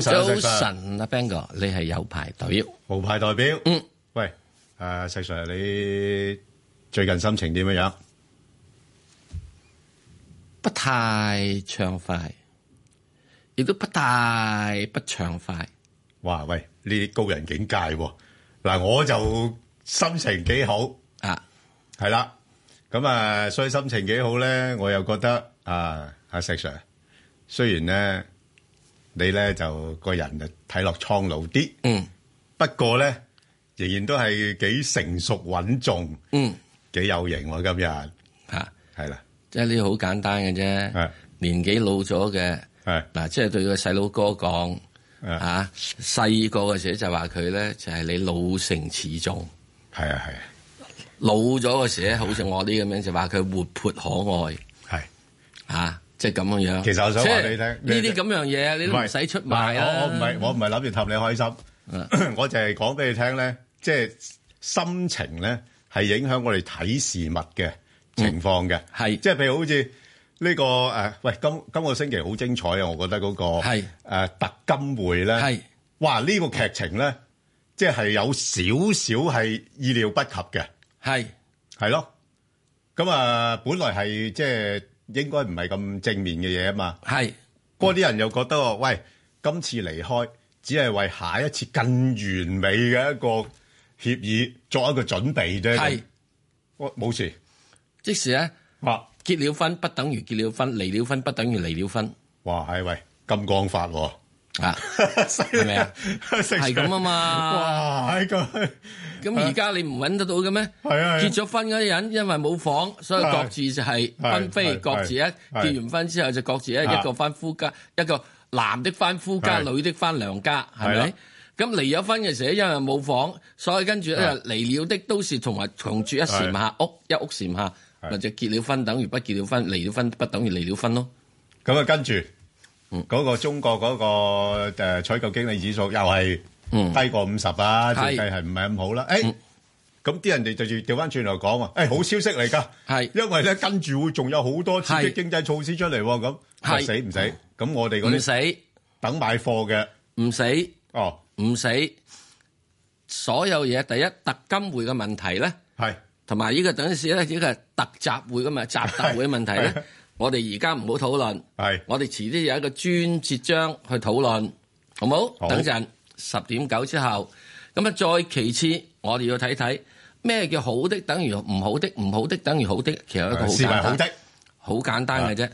早晨啊，Bang 哥，你係有派代表，無派代表？嗯，喂，阿石 Sir，你最近心情點樣？不太暢快，亦都不太不暢快。哇，喂，呢啲高人境界喎。嗱，我就心情幾好啊，係啦。咁啊，所以心情幾好咧，我又覺得啊，阿石 Sir，雖然咧。你咧就個人就睇落蒼老啲，嗯，不過咧仍然都係幾成熟穩重，嗯，幾有型喎、啊、今日嚇，係、啊、啦，即係呢好簡單嘅啫，年紀老咗嘅，係嗱，即、啊、係、就是、對個細佬哥講啊，細個嘅時就話佢咧就係你老成始終，係啊係，老咗嘅時咧，好似我啲咁樣就話佢活潑可愛，係啊。即係咁樣樣，其實我想話俾你聽，呢啲咁樣嘢你都唔使出賣啊！我我唔係，我唔係諗住氹你開心，我淨係講俾你聽咧，即係心情咧係影響我哋睇事物嘅情況嘅，係即係譬如好似呢個誒，喂今今個星期好精彩啊！我覺得嗰個係誒特金會咧，係哇呢個劇情咧，即係有少少係意料不及嘅，係係咯，咁啊，本來係即係。應該唔係咁正面嘅嘢啊嘛，係嗰啲人又覺得喂，今次離開只係為下一次更完美嘅一個協議作一個準備啫，係，喂冇事，即使咧、啊，哇、啊，結了婚不等於結了婚，離了婚不等於離了婚，哇係喂，金剛法喎、啊。啊，係咪啊？係咁啊嘛。哇！呢個咁而家你唔搵得到嘅咩？係啊，啊。結咗婚嗰啲人，因為冇房，所以各自就係分飛、啊，各自一、啊、結完婚之後就各自一一個返夫家、啊，一個男的返夫家，啊、女的返娘家，係咪？咁離咗婚嘅時候，因為冇房，所以跟住咧離了的都是同埋同住一檐下屋，啊、一屋檐下，或者、啊、結了婚等於不結了婚，離了婚不等於離了婚咯。咁啊，跟住。嗰個中國嗰個誒採購經理指數又係低過五十啊，經濟係唔係咁好啦。誒，咁啲人哋就住調翻轉頭講啊，誒，好消息嚟噶，係因為咧跟住會仲有好多刺激經濟措施出嚟，咁係死唔死，咁我哋嗰啲唔死，等買貨嘅唔死哦，唔死，所有嘢第一特金會嘅問題咧係，同埋呢個等陣時咧呢個特集會噶嘛，習特會嘅問題咧。我哋而家唔好討論，我哋遲啲有一個專節章去討論，好唔好？好。等陣十點九之後，咁啊再其次，我哋要睇睇咩叫好的等於唔好的，唔好的等於好的，其實有一個好簡單，係係好的好簡單嘅啫。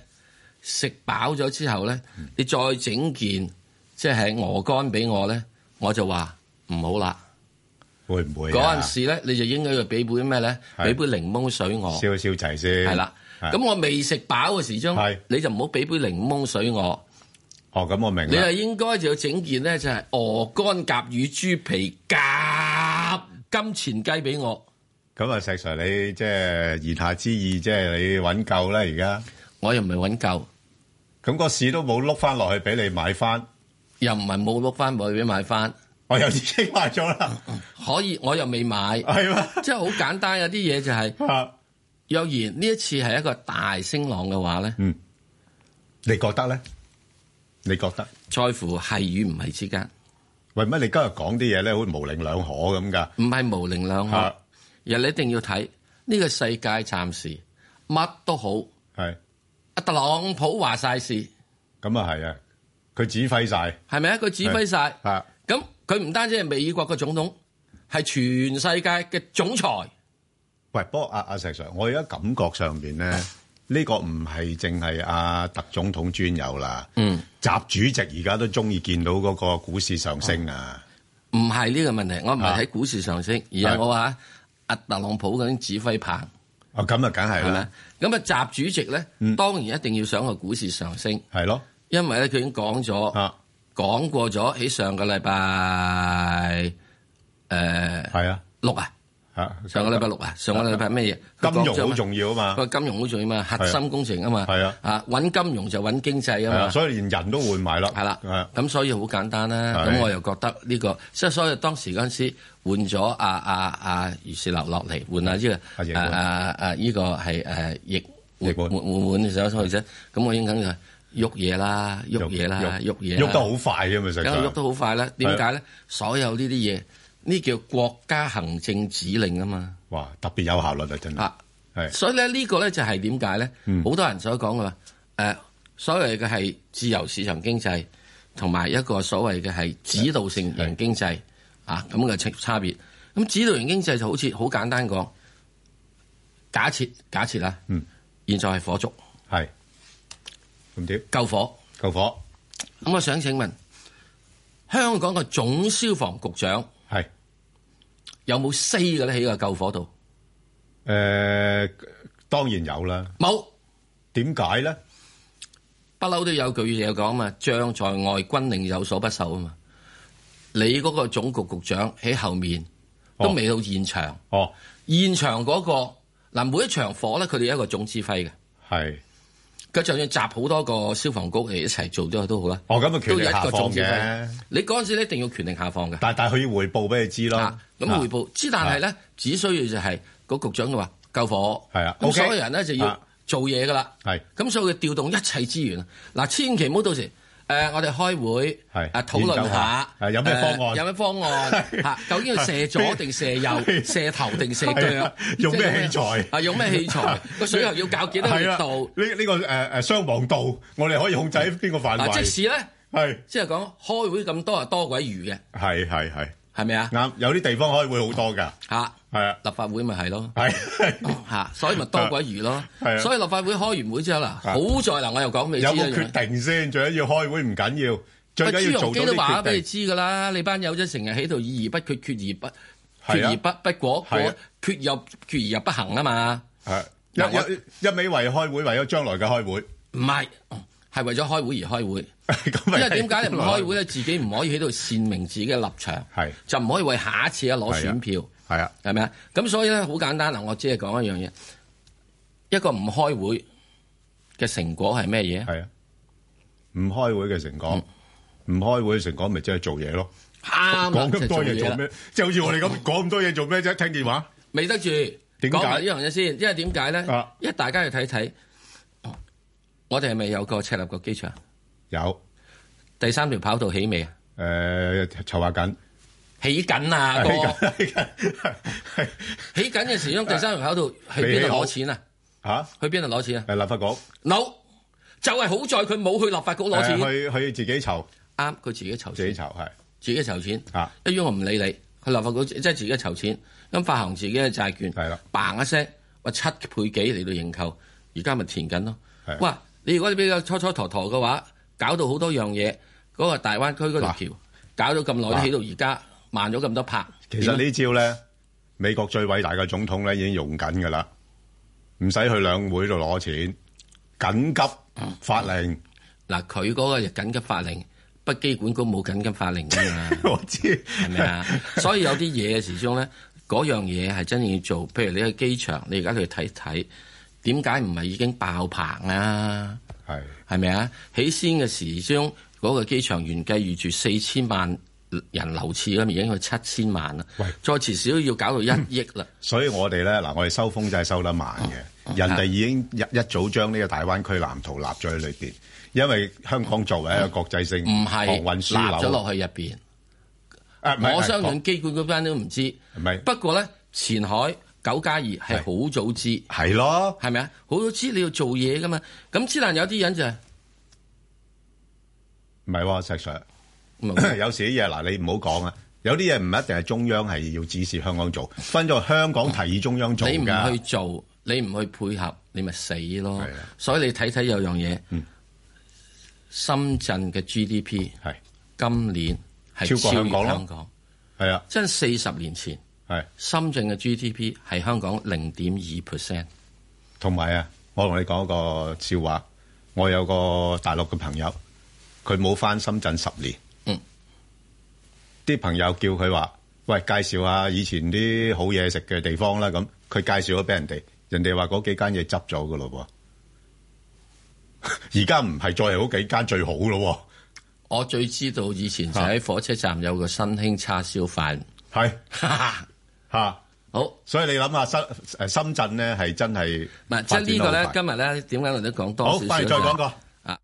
食飽咗之後咧，你再整件即係鵝肝俾我咧，我就話唔好啦。會唔會嗰、啊、陣時咧，你就應該要俾杯咩咧？俾杯檸檬水我，消一消滯先。係啦。咁我未食飽嘅時鐘，你就唔好俾杯檸檬水我。哦，咁我明白。你係應該就要整件咧，就係鵝肝夾乳豬皮夾金錢雞俾我。咁、嗯、啊，石 Sir，你即係言下之意，即係你搵夠啦，而家。我又唔係搵夠，咁、那個市都冇碌翻落去俾你買翻，又唔係冇碌翻落去俾買翻。我又自己買咗啦， 可以，我又未買，即係好簡單有啲嘢就係、是。 若然呢一次係一個大升浪嘅話咧，嗯，你覺得咧？你覺得在乎係與唔係之間？為乜你今日講啲嘢咧，好似模棱兩可咁噶？唔係模棱兩可，而你一定要睇呢個世界暫時乜都好。係阿特朗普話晒事，咁啊，係啊，佢指揮晒，係咪啊？佢指揮晒，咁佢唔單止係美國嘅總統，係全世界嘅總裁。喂，不過阿、啊、阿石 Sir，我而家感覺上邊咧，呢、呢個唔係淨係阿特總統專有啦，嗯，習主席而家都中意見到嗰個股市上升啊，唔係呢個問題，我唔係喺股市上升，啊、而係我話阿、啊、特朗普嗰啲指揮棒，哦，咁啊，梗係啦，咁啊，習主席咧、嗯，當然一定要想個股市上升，係咯，因為咧佢已經講咗，講、啊、過咗喺上個禮拜，誒、呃，係啊，六啊。啊！上個禮拜六啊，上個禮拜咩嘢？金融好重要啊嘛，個金融好重要、啊、嘛，核心工程啊嘛，係啊，啊揾金融就揾經濟啊嘛、啊，所以連人都換埋啦，係啦、啊，咁、啊嗯、所以好簡單啦、啊，咁我又覺得呢、呢個即係所以當時嗰陣時換咗阿阿阿余士留落嚟換下依、呢個阿阿阿依個係誒易易換換上去啫，咁、啊啊啊啊、我應緊就喐嘢啦，喐嘢啦，喐嘢，喐、啊、得好快啫、啊、嘛，其實、啊，咁喐得好快啦，點解咧？所有呢啲嘢。呢叫國家行政指令啊嘛，哇，特別有效率啊真係。係、啊，所以咧呢個咧就係點解咧？好、嗯、多人所講嘅話，誒、呃、所謂嘅係自由市場經濟，同埋一個所謂嘅係指導性型經濟啊咁嘅差別。咁指導型經濟就好似好簡單講，假設假設啊，嗯，現在係火燭，係，咁、嗯、點？救火，救火。咁我想請問香港嘅總消防局長係。是有冇 say 嘅咧？喺個救火度，誒、呃，當然有啦。冇，點解咧？不嬲都有句嘢講啊嘛，將在外，軍令有所不受啊嘛。你嗰個總局局長喺後面，都未到現場。哦，哦現場嗰、那個嗱，每一場火咧，佢哋有一個總指揮嘅。係。佢就算集好多個消防局嚟一齊做都都好啦。哦，咁啊，權力下放嘅。你嗰陣時一定要權力下放嘅。但但佢要回報俾你知咯。咁、啊、回報知、啊，但係咧、啊，只需要就係個局長嘅話救火。係啊。咁所有人咧、啊、就要做嘢噶啦。咁、啊、所以佢調動一切資源。嗱、啊，千祈唔好到時。誒、呃，我哋開會係啊，討論下，下，有咩方案？呃、有咩方案？吓、 啊，究竟要射左定射右？ 射頭定射腳？ 用咩器材？啊、就是？用咩器材？ 水個水喉要校幾多度？呢？呢、這個誒誒，傷、呃、亡度我哋可以控制喺邊個範圍、啊？即使咧，係即係講開會咁多啊，多鬼餘嘅。係係係。是係咪啊？啱，有啲地方開會好多噶吓，係啊，啊，啊，立法會咪係咯，係吓、啊啊，所以咪多鬼魚咯，係、啊、所以立法會開完會之後啦、啊，好在嗱，我又講俾、啊、有冇決定先，最緊要開會唔緊要緊、啊，最緊要，要做咗啲決定。朱鎔基都話俾你知噶啦，你班友仔成日喺度議而不決，決而不決而不、啊、不，不果，果、啊、決又決而不行啊嘛，係一一一味為開會，為咗將來嘅開會，唔係。係為咗開會而開會， 因為點解你唔開會咧？ 自己唔可以喺度闡明自己嘅立場，係就唔可以為下一次一攞選票，係啊，係咪啊？咁所以咧，好簡單嗱，我只係講一樣嘢，一個唔開會嘅成果係咩嘢？係啊，唔開會嘅成果，唔、嗯、唔開會嘅成果，咪即係做嘢咯。啱，講咁多嘢做咩？即係好似我哋咁講咁多嘢做咩啫？聽電話未得住？講埋呢樣嘢先，因為點解咧？一大家要睇睇。我哋係咪有個赤鱲角機場？有第三條跑道起未，呃、啊？誒，籌劃緊，起緊啊哥起緊，起緊，嘅 時，將第三條跑道去邊度攞錢啊？吓、啊，去邊度攞錢啊？立法局。冇就係、是、好在佢冇去立法局攞錢，佢、啊、佢自己籌。啱，佢自己籌。自己籌係，自己籌錢。吓、啊，一於我唔理你，去立法局即係自己籌錢，咁發行自己嘅債券。係啦。嘭一聲，話七倍幾嚟到認購，而家咪填緊咯。哇！你如果你比較初初拖拖嘅話，搞到好多樣嘢。嗰個大灣區嗰條橋搞咗咁耐，起到而家慢咗咁多拍。其實呢招咧，美國最偉大嘅總統咧已經用緊㗎啦，唔使去兩會度攞錢，緊急法令。嗱，佢嗰個就緊急法令，北機管局冇緊急法令㗎嘛。 我知。係咪啊？所以有啲嘢嘅時鐘咧，嗰 樣嘢係真正要做。譬如你去機場，你而家去睇睇。點解唔係已經爆棚啦、啊？係，係咪啊？起先嘅時將嗰，那個機場原計預住四千萬人流次咁，已經去七千萬啦，喂再至少要搞到一億啦、嗯。所以我哋咧嗱，我哋收風就係收得慢嘅、嗯嗯。人哋已經一一早將呢個大灣區藍圖立咗喺裏邊，因為香港作為一個國際性唔係運輸咗落去入邊。誒、啊，我相信機管局班都唔知道。唔、啊、不，不過咧，前海。九加二係好早知，係咯，係咪啊？好早知你要做嘢噶嘛？咁之難有啲人就唔係喎，石 Sir， 有時啲嘢嗱，你唔好講啊！有啲嘢唔一定係中央係要指示香港做，分咗香港提議中央做。你唔去做，你唔去配合，你咪死咯！所以你睇睇有樣嘢、嗯，深圳嘅 GDP 係今年係超過香港香港，係啊！真係四十年前。係深圳嘅 GDP 係香港零點二 percent，同埋啊，我同你講個笑話。我有個大陸嘅朋友，佢冇翻深圳十年。嗯，啲朋友叫佢話：「喂，介紹下以前啲好嘢食嘅地方啦。咁佢介紹咗俾人哋，人哋話嗰幾間嘢執咗噶咯。喎，而家唔係再係嗰幾間最好咯。我最知道以前就喺火車站有個新興叉燒飯，係。 吓好，所以你諗下深誒深圳咧，係真係唔係即係呢個咧，今日咧點解我哋都講多好，不如再講過啊。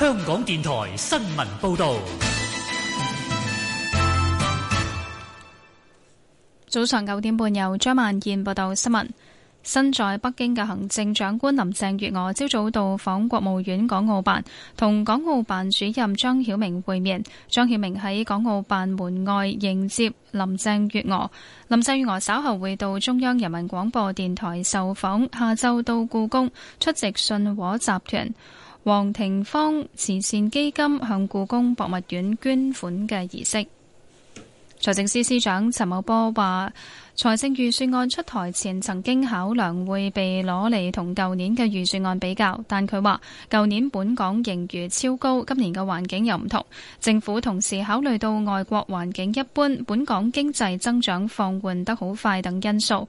香港電台新聞報道。早上九點半，由張萬燕報道新聞。身在北京嘅行政長官林鄭月娥，朝早到訪國務院港澳辦，同港澳辦主任張曉明會面。張曉明喺港澳辦門外迎接林鄭月娥。林鄭月娥稍後會到中央人民廣播電台受訪，下晝到故宮出席信和集團、黃廷方慈善基金向故宮博物院捐款嘅儀式。財政司司長陳茂波話：財政預算案出台前，曾經考量會被攞嚟同舊年嘅預算案比較，但佢話舊年本港盈餘超高，今年嘅環境又唔同，政府同時考慮到外國環境一般、本港經濟增長放緩得好快等因素。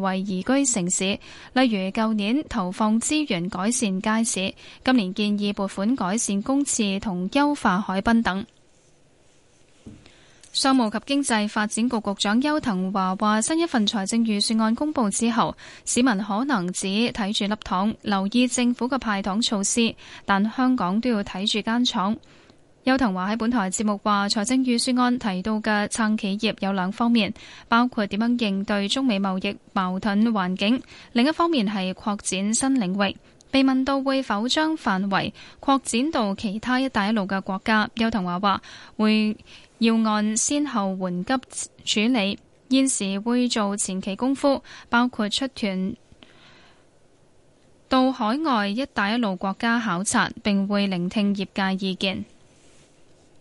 為宜居城市，例如舊年投放資源改善街市，今年建議撥款改善公廁同優化海濱等。商務及經濟發展局局長邱騰華話，新一份財政預算案公布之後，市民可能只睇住粒糖，留意政府嘅派糖措施，但香港都要睇住間廠。邱騰華喺本台節目話，財政預算案提到嘅撐企業有兩方面，包括點樣應對中美貿易矛盾環境，另一方面係擴展新領域。被問到會否將範圍擴展到其他一帶一路嘅國家，邱騰華話會要按先後緩急處理，現時會做前期功夫，包括出團到海外一帶一路國家考察，並會聆聽業界意見。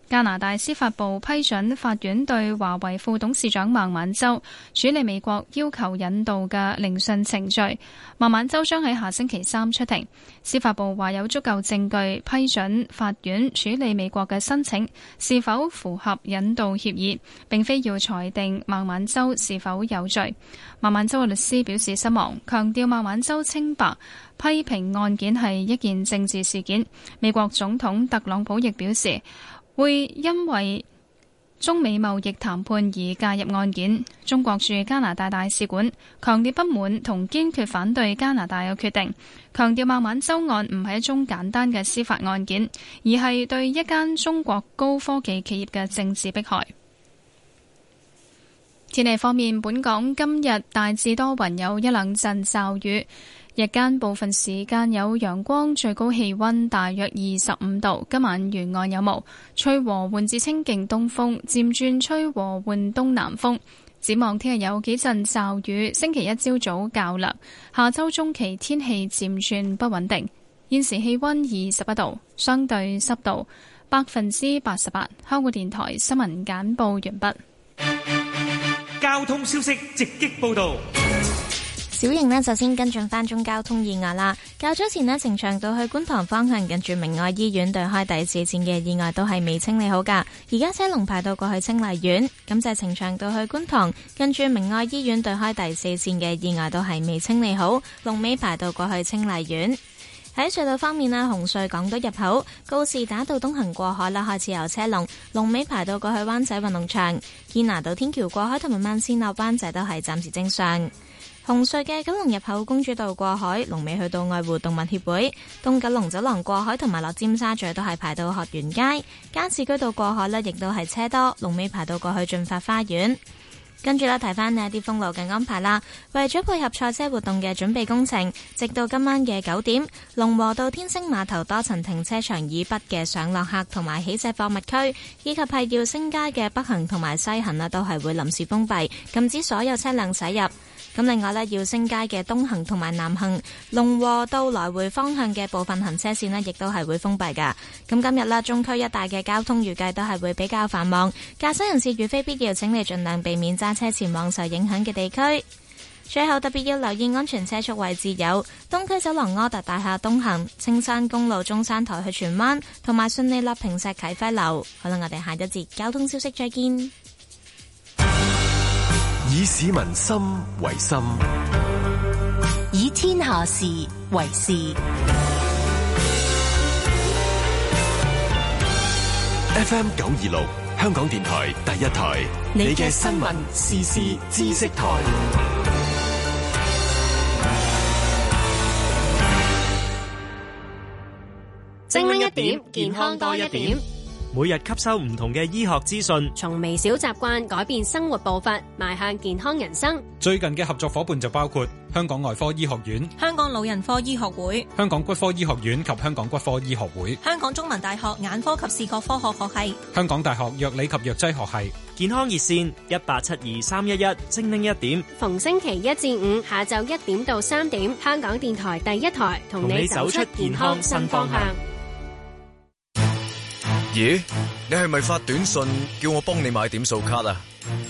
加拿大司法部批准法院對華為副董事長孟晚舟處理美國要求引渡嘅聆訊程序。孟晚舟將喺下星期三出庭。司法部話有足夠證據批准法院處理美國嘅申請，是否符合引渡協議，並非要裁定孟晚舟是否有罪。孟晚舟嘅律師表示失望，強調孟晚舟清白，批評案件係一件政治事件。美國總統特朗普亦表示。會因為中美貿易談判而介入案件。中國駐加拿大大使館強烈不滿同堅決反對加拿大嘅決定，強調孟晚舟案唔係一宗簡單嘅司法案件，而係對一間中國高科技企業嘅政治迫害。天氣方面，本港今日大致多雲，有一兩陣驟雨。日間部分時間有陽光，最高氣温大約二十五度。今晚沿岸有霧，吹和緩至清勁東風，漸轉吹和緩東南風。展望聽日有幾陣驟雨，星期一朝早,早較涼。下周中期天氣漸轉不穩定。現時氣温二十八度，相對濕度百分之八十八。香港電台新聞簡報完畢。交通消息直擊報道。小型呢，就先跟進翻中交通意外啦。較早前呢，呈祥道去觀塘方向，跟住明愛醫院對開第四線嘅意外都係未清理好噶。而家車龍排到過去清麗苑，咁就係呈祥道去觀塘，跟住明愛醫院對開第四線嘅意外都係未清理好，龍尾排到過去清麗苑。喺隧道方面啦，紅隧港島入口告士打道東行過海啦，開始有車龍，龍尾排到過去灣仔運動場堅拿道天橋過海，同埋慢線落灣仔都係暫時正常。紅隧嘅九龍入口公主道過海，龍尾去到愛護動物協會東九龍走廊過海，同埋落尖沙咀都係排到學園街、加士居道過海呢，亦都係車多，龍尾排到過去駿發花園。跟住啦，睇翻呢啲封路嘅安排啦。為咗配合賽車活動嘅準備工程，直到今晚嘅九點，龍和道天星碼頭多層停車場以北嘅上落客同埋起車貨物區，以及派叫星街嘅北行同埋西行呢，都係會臨時封閉，禁止所有車輛駛入。咁另外呢，耀星街嘅東行同埋南行，龍和道來回方向嘅部分行車線亦都係會封閉噶。咁今日咧，中區一帶嘅交通預計都係會比較繁忙，駕駛人士如非必要，請你盡量避免揸車前往受影響嘅地區。最後特別要留意安全車速位置有：東區走廊柯達大廈東行、青山公路中山台去荃灣，同埋順利立平石啟輝樓。好啦，我哋下一節交通消息再見。以市民心為心，以天下事為事。FM 九二六，香港電台第一台，你嘅新聞、時事、知識台，精靈一點，健康多一點。每日吸收唔同嘅醫學資訊，從微小習慣改變生活步伐，邁向健康人生。最近嘅合作伙伴就包括香港外科醫學院、香港老人科醫學會、香港骨科醫學院及香港骨科醫學會、香港中文大學眼科及視覺科學學系、香港大學藥理及藥劑學系。健康熱線一八七二三一一，精靈一點，逢星期一至五下晝一點到三點，香港電台第一台同你走出健康新方向。咦、啊，你係咪發短信叫我幫你買點數卡啊？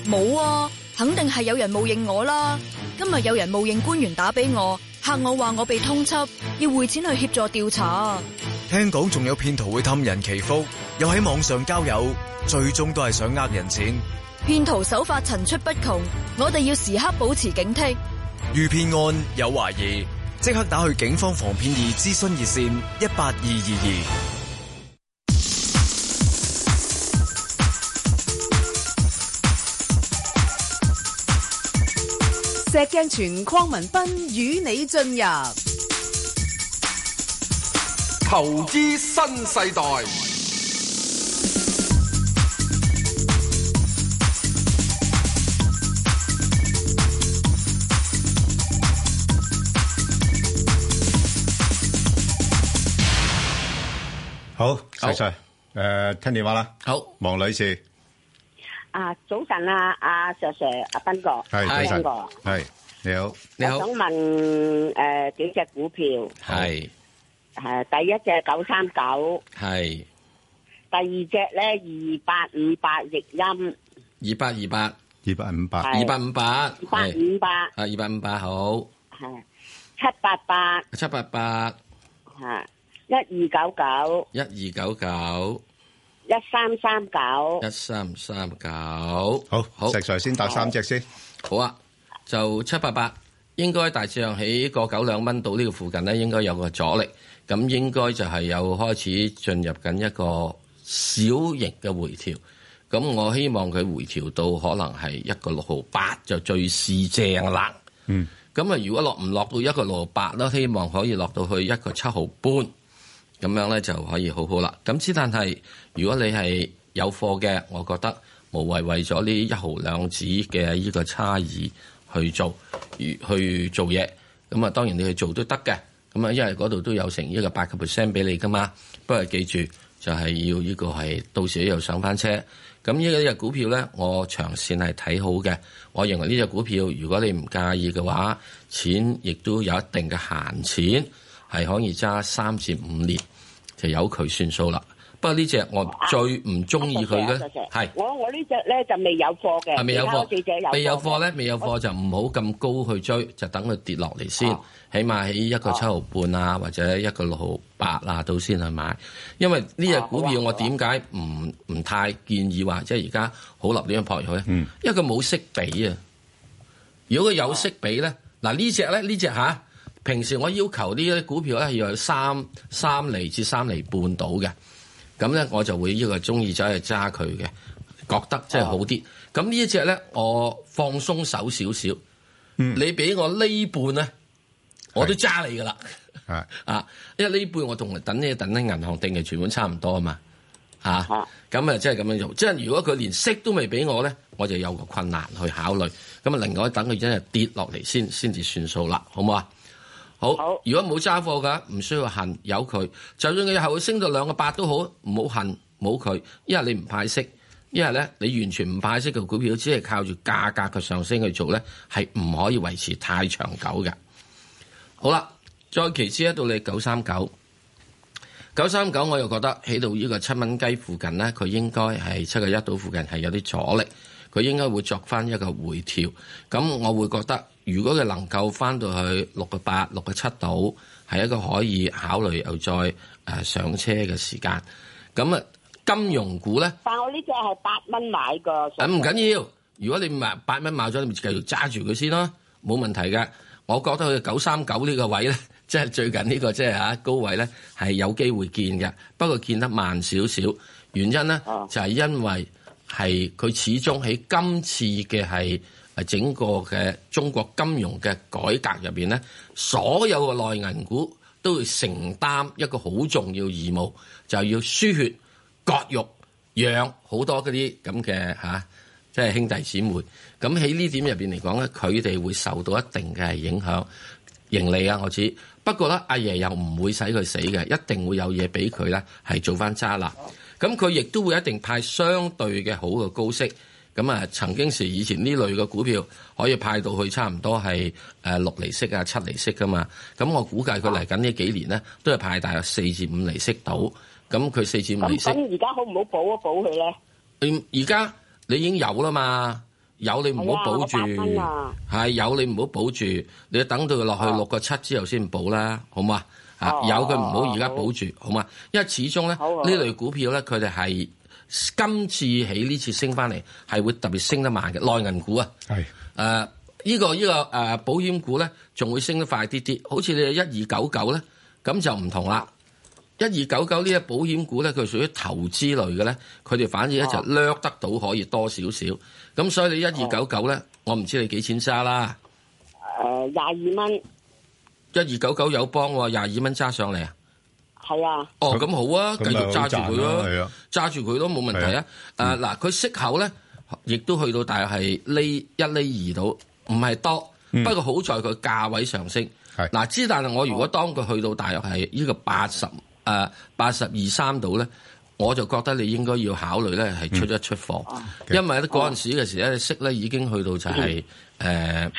冇啊，肯定係有人冒認我啦。今日有人冒認官員打俾我，吓我話我被通緝，要匯錢去協助調查啊。聽講仲有騙徒會氹人祈福，又喺網上交友，最終都係想呃人錢。騙徒手法層出不窮，我哋要時刻保持警惕。遇騙案有懷疑，即刻打去警方防騙易諮詢熱線一八二二二。石鏡泉鄺民彬、與你進入投資新世代。好，阿 Sir，誒，聽電話啦。好、oh.，王女士。啊，早晨啊，阿 Sir Sir，阿彬哥，係早晨，係你好，你好。我想問誒，幾隻股票？係係第一隻九三九，係第二隻咧二八五八譯音，二八二八，二八五八，二八五八，二八五八，啊二八五八好，係七八八，七八八，係一二九九，一二九九。一三三九，一三三九，好，好石財先打三隻先，好啊，就七八八，應該大致上喺個九兩蚊到呢個附近呢，應該有個阻力，咁應該就係有開始進入緊一個小型嘅回調，咁我希望佢回調到可能係一個六號八就最市正啦，嗯，咁啊如果落唔落到一個六號八都希望可以落到去一個七號半。咁樣咧就可以好好啦。咁之但係，如果你係有貨嘅，我覺得無謂為咗呢一毫兩子嘅呢個差異去做去做嘢。咁啊，當然你去做都得嘅。咁啊，因為嗰度都有成呢個八個 percent 俾你噶嘛。不過記住，就係、是、要呢個係到時又上返車。咁呢一隻股票咧，我長線係睇好嘅。我認為呢隻股票，如果你唔介意嘅話，錢亦都有一定嘅閒錢。係可以揸三至五年，就由佢算數啦。不過呢隻我最唔中意佢嘅，係、啊啊啊、我我隻隻呢隻咧就未有貨嘅，未有貨記者未有貨咧？未有貨就唔好咁高去追，就等佢跌落嚟先，啊、起碼喺一個七毫半啊，或者一個六毫八啊度先去買。因為呢隻股票我點解唔唔太建議話即係而家好立呢樣撲入去，咧、嗯？因為佢冇息比啊。如果佢有息比咧，嗱呢隻咧呢隻吓。啊啊啊啊平時我要求呢啲股票係，要有三三厘至三厘半到嘅，咁咧我就會呢個中意走去揸佢嘅，覺得即係好啲。咁、哦、呢一隻咧，我放鬆手少少、嗯，你俾我呢半咧，我都揸你噶啦。 啊，因為呢半我同等呢等喺銀行定期存款差唔多啊嘛，吓咁啊，即係咁樣做。即係如果佢連息都未俾我咧，我就有個困難去考慮。咁啊，另外等佢一日跌落嚟先先至算數啦，好唔好啊？好，好，如果冇揸貨㗎，唔需要恨有佢。就算佢日後會升到兩個八都好，唔好恨冇佢。因為你唔派息，因為咧你完全唔派息嘅股票，只係靠住價格嘅上升去做咧，係唔可以維持太長久嘅。好啦，再其次一到你九三九，九三九我又覺得喺到呢個七蚊雞附近咧，佢應該係七個一到附近係有啲阻力。佢應該會作翻一個回調，咁我會覺得，如果佢能夠翻到去六個八、六個七度，係一個可以考慮又再誒上車嘅時間。咁啊，金融股咧，但我呢只係八蚊買咁唔、嗯、緊要。如果你唔係八蚊買咗，你咪繼續揸住佢先咯，冇問題嘅。我覺得佢九三九呢個位咧，即係最近呢個即係高位咧，係有機會見嘅，不過見得慢少少。原因咧、啊、就係、是、因為。係佢始終喺今次嘅係誒整個嘅中國金融嘅改革入邊咧，所有嘅內銀股都會承擔一個好重要義務，就要輸血割肉養好多嗰啲咁嘅嚇，即係兄弟姊妹。咁喺呢點入邊嚟講咧，佢哋會受到一定嘅影響盈利啊，我知。不過咧，阿爺又唔會使佢死嘅，一定會有嘢俾佢咧，係做翻渣啦。咁佢亦都會一定派相對嘅好嘅高息，咁啊曾經是以前呢類嘅股票可以派到去差唔多係誒六厘息啊七厘息噶嘛。咁我估計佢嚟緊呢幾年咧都係派大約四至五厘息到，咁佢四至五厘息，咁而家好唔好補一補佢咧？你而家你已經有啦嘛，有你唔好保住，有你唔好保住，你要等到佢落去六個七之後先補啦，好唔好？啊！有佢唔好而家保住，oh, uh, 好嘛？因為始終咧，呢、oh, uh, 類股票咧，佢哋係今次起呢次升返嚟，係會特別升得慢嘅、uh, 內銀股啊。係、uh, 誒，依、uh, 呢個依、呢個誒、uh, 保險股咧，仲會升得快啲啲。好似你一二九九咧，咁就唔同啦。一二九九呢個保險股咧，佢屬於投資類嘅咧，佢哋反而咧就掠得到可以多少少。咁、uh, 所以1299呢、uh, 你一二九九咧，我唔知你幾錢揸啦？誒，廿二蚊。一二九九友邦廿二蚊揸上嚟啊？係啊，哦咁好啊，繼續揸住佢咯，揸住佢都冇問題啊！誒，嗱、啊，佢、嗯、息口咧，亦都去到，大約係呢一厘二度，唔係多，不過好在佢價位上升。係嗱，之但係我如果當佢去到大約係呢個八十誒八十二三度咧，我就覺得你應該要考慮咧係出一出貨，因為嗰陣時嘅時咧息咧已經去到就係誒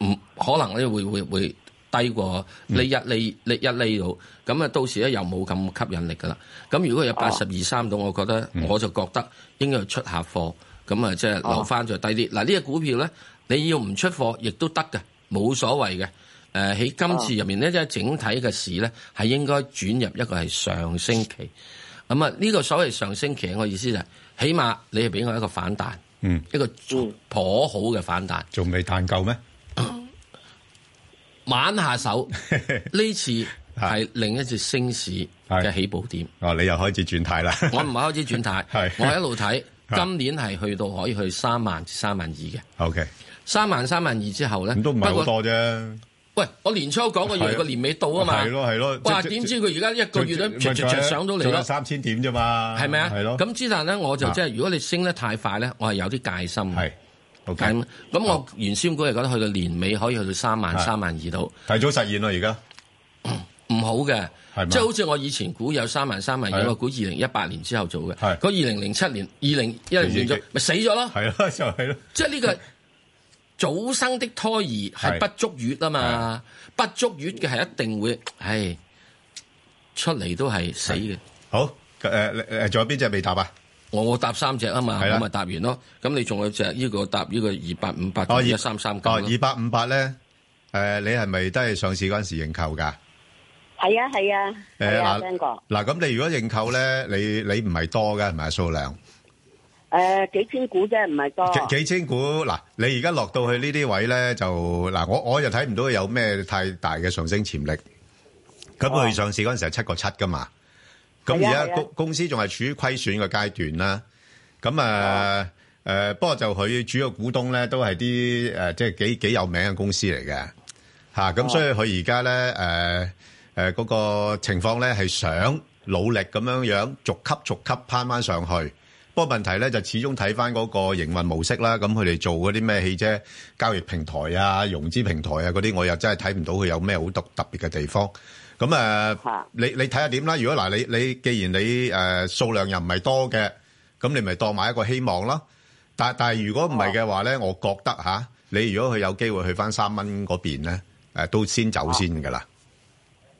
唔可能咧會會會。低過利利，你一釐，你一釐到，咁啊，到時咧又冇咁吸引力噶啦。咁如果有八十二三度，我覺得、嗯、我就覺得應該出下貨，咁啊，即係留翻再低啲。嗱，呢隻股票咧，你要唔出貨亦都得嘅，冇所謂嘅。誒、呃，喺今次入面咧，即、啊、係整體嘅市咧，係應該轉入一個係上升期。咁啊，呢、這個所謂上升期，我意思就係，起碼你係俾我一個反彈，嗯，一個頗好嘅反彈，仲、嗯、未、嗯、彈夠咩？晚下手，呢次係另一隻升市嘅起步點。哦， 你又開始轉軚啦？我唔係開始轉軚，我係一路睇。今年係去到可以去三萬、三萬二嘅。O K，三萬、三萬二之後咧，都唔係好多啫。喂，我年初講嘅嘢，個年尾到啊嘛。係咯係咯。哇，點知佢而家一個月都上到嚟咯。三千點啫嘛，係咪啊？係咯。咁之但咧，我就即係如果你升得太快咧，我係有啲戒心。係。咁、okay。我原先估係覺得去到年尾可以去到三萬三萬二度，提早實現咯。而家唔好嘅，即係好似我以前估有三萬三萬二、啊、我估二零一八年之後做嘅，嗰二零零七年、二零一零年咗，咪死咗咯。係咯、啊，就係咯、是啊。即係呢、這個早生的胎兒係不足月嘛啊嘛、啊，不足月嘅係一定會係出嚟都係死嘅、啊。好，誒、呃、誒，仲有邊隻未答啊？我搭隻我搭、這個哦、三隻啊嘛，咁咪搭完咯。咁你仲有隻呢個搭呢個二八五八二一三三哦，二八五八咧，誒、呃，你係咪都係上市嗰陣時認購噶？係啊係啊，誒嗱，嗱咁你如果認購咧，你你唔係多嘅係咪數量？誒、呃，幾千股啫，唔係多。幾幾千股嗱、啊，你而家落到去呢啲位咧，就嗱、啊、我我又睇唔到有咩太大嘅上升潛力。咁、哦、佢上市嗰陣時係七個七噶嘛？咁而家公公司仲係處於虧損嘅階段啦。咁啊，誒、啊呃，不過就佢主要股東咧，都係啲誒，即係幾幾有名嘅公司嚟嘅吓。咁所以佢而家咧誒誒嗰個情況咧，係想努力咁樣樣逐級逐級攀翻上去。不過問題咧，就始終睇翻嗰個營運模式啦。咁佢哋做嗰啲咩汽車交易平台啊、融資平台啊嗰啲，我又真係睇唔到佢有咩好特別嘅地方。咁誒，你你睇下點啦？如果嗱，你你既然你誒數量又唔係多嘅，咁你咪當買一個希望囉。但但係如果唔係嘅話咧，我覺得吓，你如果佢有機會去返三蚊嗰邊咧，誒都先走先㗎喇。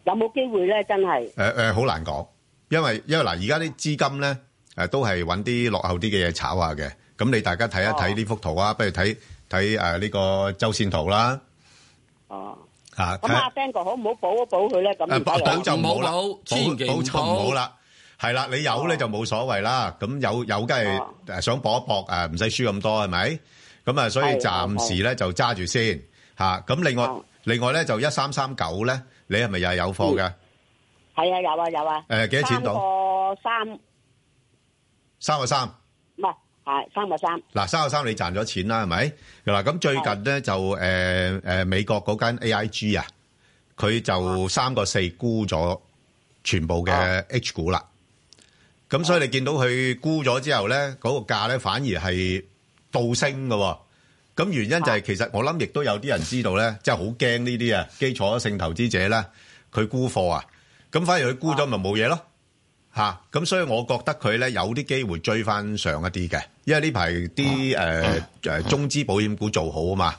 有冇機會咧？真係誒誒，好難講，因為因為嗱，而家啲資金咧誒都係揾啲落後啲嘅嘢炒下嘅。咁你大家睇一睇呢幅圖啊，不如睇睇誒呢個週線圖啦。哦。啊咁阿彬哥，好唔好補一補佢咧？咁補就唔好啦，千祈唔好啦。係啦，你有咧就冇所謂啦。咁有有，梗係想搏一搏，誒，唔使輸咁多係咪？咁啊，所以暫時咧就揸住先吓。咁另外另外咧就一三三九咧，你係咪又係有貨嘅？係啊，有啊，有啊。誒，幾多錢到？三個三，三個三。係三個三，嗱三個三，你賺咗錢啦，係咪？嗱咁最近咧就誒誒，美國嗰間 AIG 啊，佢就三個四沽咗全部嘅 H 股啦。咁所以你見到佢沽咗之後咧，嗰個價咧反而係倒升噶。咁原因就係其實我諗亦都有啲人知道咧，即係好驚呢啲啊，基礎性投資者咧，佢沽貨啊，咁反而佢沽咗咪冇嘢咯。吓，咁所以我覺得佢咧有啲機會追翻上一啲嘅，因為呢排啲誒誒中資保險股做好啊嘛。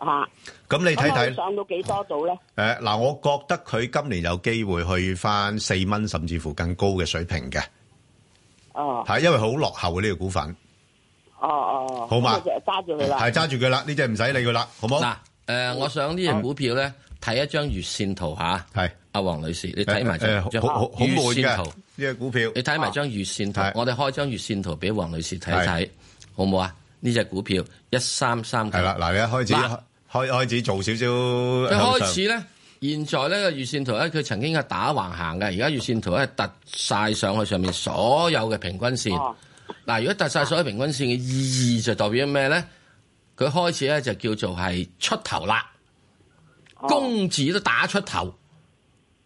吓，咁你睇睇上到幾多度咧？誒，嗱，我覺得佢今年有機會去翻四蚊，甚至乎更高嘅水平嘅。哦，係因為好落後嘅呢個股份。哦哦，好嘛，係揸住佢啦，係揸住佢啦，呢隻唔使理佢啦，好冇？嗱，誒，我想呢隻股票咧睇一張月線圖吓，係阿黃女士，你睇埋張月線圖。呢隻股票，你睇埋張月線圖，啊、我哋開張月線圖俾黃女士睇睇，好唔好啊？呢隻股票一三三九，係啦，嗱，你一開始開開始做少少。一開始咧，現在呢個月線圖咧，佢曾經係打橫行嘅，而家月線圖咧突晒上去上面所有嘅平均線。嗱、啊，如果突晒所有平均線嘅意義就代表咩咧？佢開始咧就叫做係出頭啦，公子都打出頭，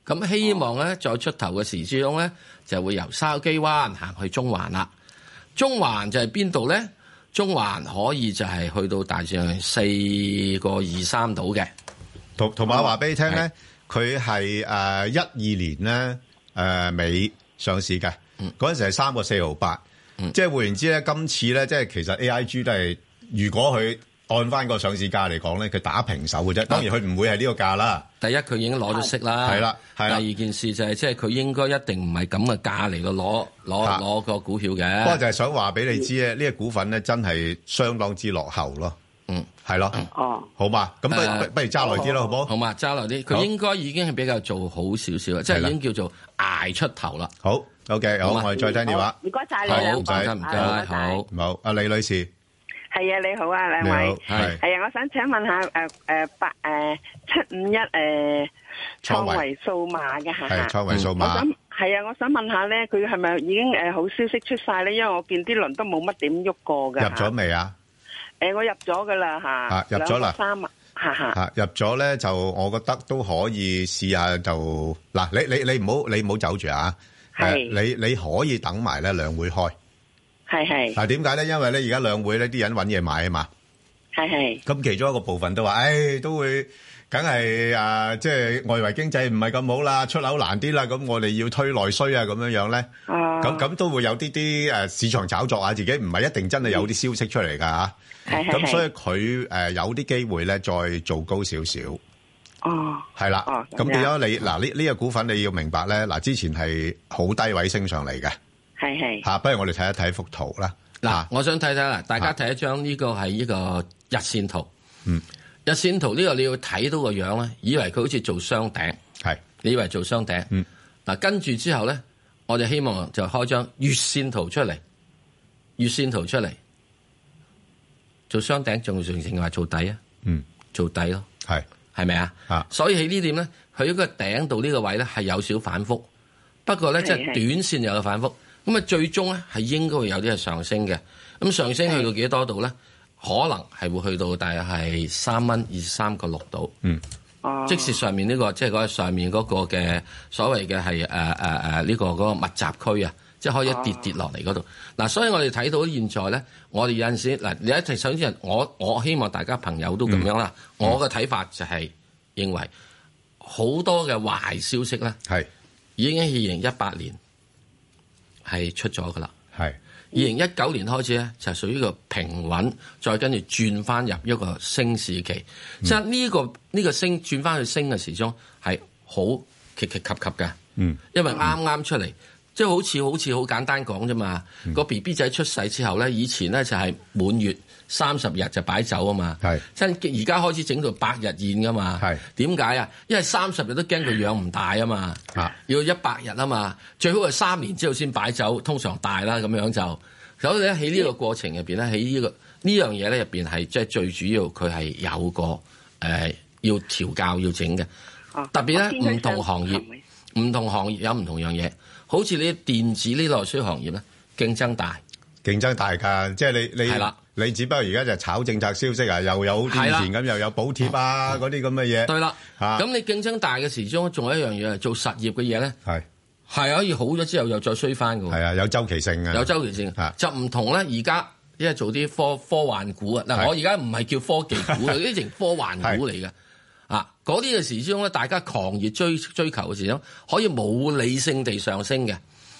咁希望咧、啊、再出頭嘅時之中咧。就會由筲箕灣行去中環啦，中環就係邊度咧？中環可以就係去到大致上四個二三度嘅。同同埋我話俾你聽咧，佢係誒一二年咧誒尾上市嘅，嗰、嗯、陣時係三個四毫八，即係換言之咧，今次咧即係其實 AIG 都係如果佢。按翻個上市價嚟講咧，佢打平手嘅啫。當然佢唔會係呢個價啦、啊。第一，佢已經攞咗息啦。係啦，係啦。第二件事就係、是，即係佢應該一定唔係咁嘅價嚟到攞攞攞個股票嘅。不過就係想話俾你知咧，呢、嗯呢個股份咧真係相當之落後咯。嗯，係咯。哦、嗯，好嘛，咁不、啊、不如揸耐啲咯，好唔好？好嘛，揸耐啲。佢應該已經係比較做好少少，即係已經叫做捱出頭啦。好，OK，好，好我哋再聽電話。唔該晒，好，你兩位唔該唔該，好，好，阿李女士。係啊，你好啊，兩位係啊，我想請問下誒誒八誒七五一誒創維數碼嘅吓，創維數碼，我想係啊，我想問下咧，佢係咪已經誒好消息出晒咧？因為我見啲輪都冇乜點喐過嘅吓。入咗未啊？誒，我入咗噶啦吓，兩萬三啊，吓吓，入咗咧就我覺得都可以試下就嗱，你你你唔好你唔好走住啊，係，你你可以等埋咧兩會開。係係嗱，點解咧？因為咧，而家兩會咧，啲人搵嘢買啊嘛。係係。咁其中一個部分都話，誒，都會梗係啊，即係外圍經濟唔係咁好啦，出樓難啲啦。咁我哋要推內需啊，咁樣樣咧。哦。咁咁都會有啲啲誒市場炒作啊，自己唔係一定真係有啲消息出嚟噶吓。係係係。咁所以佢誒有啲機會咧，再做高少少。哦。係啦。哦。咁變咗你嗱呢呢個股份你要明白咧，嗱之前係好低位升上嚟嘅。吓、啊，不如我哋睇一睇幅圖啦。嗱、啊，我想睇睇啦，大家睇一張呢個係呢個日綫圖。嗯，日綫圖呢個你要睇到個樣咧，以為佢好似做雙頂，係你以為做雙頂。嗯，嗱跟住之後咧，我哋希望就開張月綫圖出嚟，月綫圖出嚟做雙頂，仲要成嘅話做底啊？嗯，做底咯，係係咪啊？吓，所以喺呢點咧，佢個頂度呢個位咧係有少反復，不過咧即係短綫又有的反復。咁啊，最終咧係應該會有啲係上升嘅，咁上升去到幾多度咧？可能係會去到，大約係三蚊二三個六度，嗯，即使上面呢、這個即係嗰上面嗰個嘅所謂嘅係誒誒誒呢個嗰、那個密集區啊，即係可以一跌跌落嚟嗰度。嗱、啊，所以我哋睇到現在咧，我哋有陣時嗱，你一提首先我我希望大家朋友都咁樣啦、嗯，我嘅睇法就係認為好多嘅壞消息咧係已經二零一八年。係出咗噶啦，係二零一九年開始咧就屬、是、於個平穩，再跟住轉翻入一個升市期，即係呢個呢、呢個升轉翻去升嘅時鐘係好奇奇及及嘅，嗯，因為啱啱出嚟，即、嗯、係、就是、好似好似好簡單講啫嘛，嗯個 B B 仔出世之後咧，以前咧就係滿月。三十日就擺酒啊嘛，真而家開始整到百日宴噶嘛，點解啊？因為三十日都驚佢養唔大啊嘛，啊要一百日啊嘛，最好係三年之後先擺酒，通常大啦咁樣就。所以咧喺呢個過程入邊咧，喺呢個呢樣嘢咧入邊，係即係最主要佢係有個誒、呃、要調教要整嘅、啊，特別咧唔同行業，唔同行業有唔同樣嘢，好似你電子呢類內需行業咧，競爭大，競爭大㗎，即係你你。你你只不過而家就炒政策消息啊，又有以前咁又有補貼啊，嗰啲咁嘅嘢。對啦，咁你競爭大嘅時中，仲有一樣嘢係做實業嘅嘢咧。係係可以好咗之後又再衰翻嘅。係啊，有週期性嘅。有週期性，就唔同咧。而家因為做啲科科幻股啊，嗱我而家唔係叫科技股啊，呢 啲科幻股嚟嘅。啊，嗰啲嘅時中咧，大家狂熱追追求嘅時中，可以冇理性地上升嘅。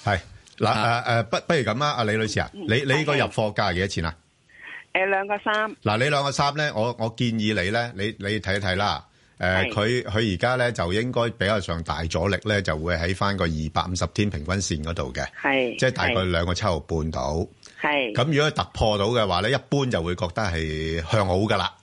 係嗱誒誒，不不如咁啊，阿李女士啊、嗯，你你個入貨價係幾多錢啊？誒，兩個三嗱，你兩個三咧，我我建議你咧，你你睇一睇啦。誒、呃，佢佢而家咧就應該比較上大阻力咧，就會喺翻個二百五十天平均線嗰度嘅，即係、就是、大概兩個七號半度。係咁，如果突破到嘅話咧，一般就會覺得係向好噶啦。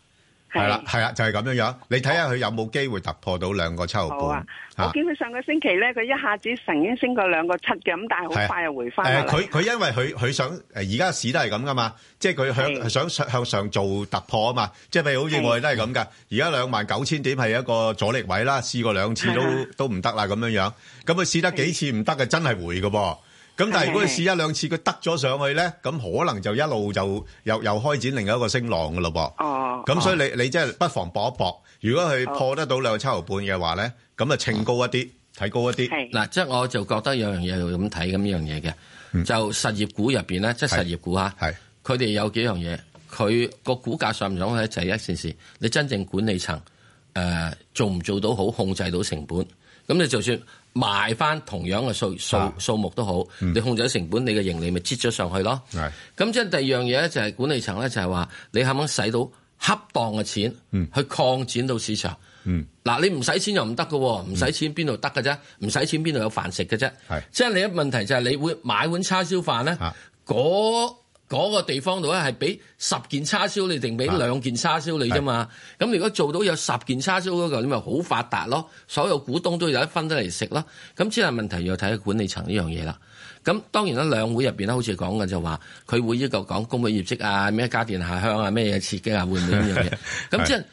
係啦，係啦就係咁樣樣。你睇下佢有冇機會突破到兩個七毫半？好啊！我見佢上個星期咧，佢一下子曾經升過兩個七嘅，咁但係好快就回翻。佢佢因為佢佢想，誒，而家市都係咁噶嘛，即係佢向是想向上做突破啊嘛。即係譬如好似我哋都係咁噶。而家兩萬九千點係一個阻力位啦，試過兩次都都唔得啦咁樣樣。咁佢試得幾次唔得嘅，是的真係回噶噃。咁但係如果你試一兩次佢得咗上去咧，咁可能就一路就又又開展另一個升浪噶咯噃。哦，咁所以你、哦、你即係不妨搏一搏。如果佢破得到兩七毫半嘅話咧，咁啊稱高一啲，睇高一啲。係、哦、嗱，即係我就覺得有樣嘢要咁睇，咁樣嘢嘅，就是、實業股入邊咧，即、就、係、是、實業股吓，係佢哋有幾樣嘢，佢個股價上唔上去就係一件事。你真正管理層誒、呃、做唔做到好，控制到成本。咁你就算賣翻同樣嘅數數數、啊、目都好，你控制成本，嗯、你嘅盈利咪擠咗上去咯。咁即係第二樣嘢咧，就係管理層咧，就係話你肯唔肯使到恰當嘅錢去擴展到市場？嗱、嗯，你唔使錢又唔得㗎喎，唔使錢邊度得㗎啫，唔使錢邊度有飯食嘅啫。即係你嘅問題就係你會買碗叉燒飯咧，嗰、啊。嗰個地方度咧係俾十件叉燒你定俾兩件叉燒你啫嘛，咁如果做到有十件叉燒嗰嚿，你咪好發達咯，所有股東都有一分得嚟食咯。咁之後問題又睇下管理層呢樣嘢啦。咁當然啦，兩會入邊咧，好似講嘅就話佢會一個講工業績啊，咩家電下鄉啊，咩嘢刺激啊，會唔會咁樣嘢？咁即係，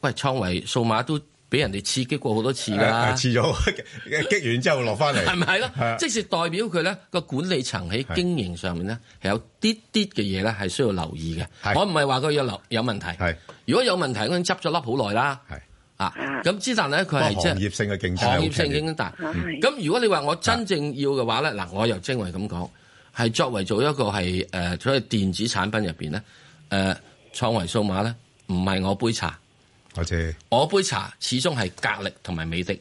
喂，創維數碼都。俾人哋刺激過好多次噶，啊啊，刺激 完之後落翻嚟，係咪咯？即係代表佢咧個管理層喺經營上面咧係有啲啲嘅嘢咧係需要留意嘅。我唔係話佢有有問題。係如果有問題，嗰陣執咗笠好耐啦。係啊，咁之但咧佢係即係行業性嘅競爭，行業性競爭大。咁，嗯、如果你話我真正要嘅話咧，嗱，啊，我又正為咁講，係作為做一個係誒，喺，呃、電子產品入面咧，誒、呃，創維數碼咧，唔係我杯茶。我知，我杯茶始終係格力同埋美的。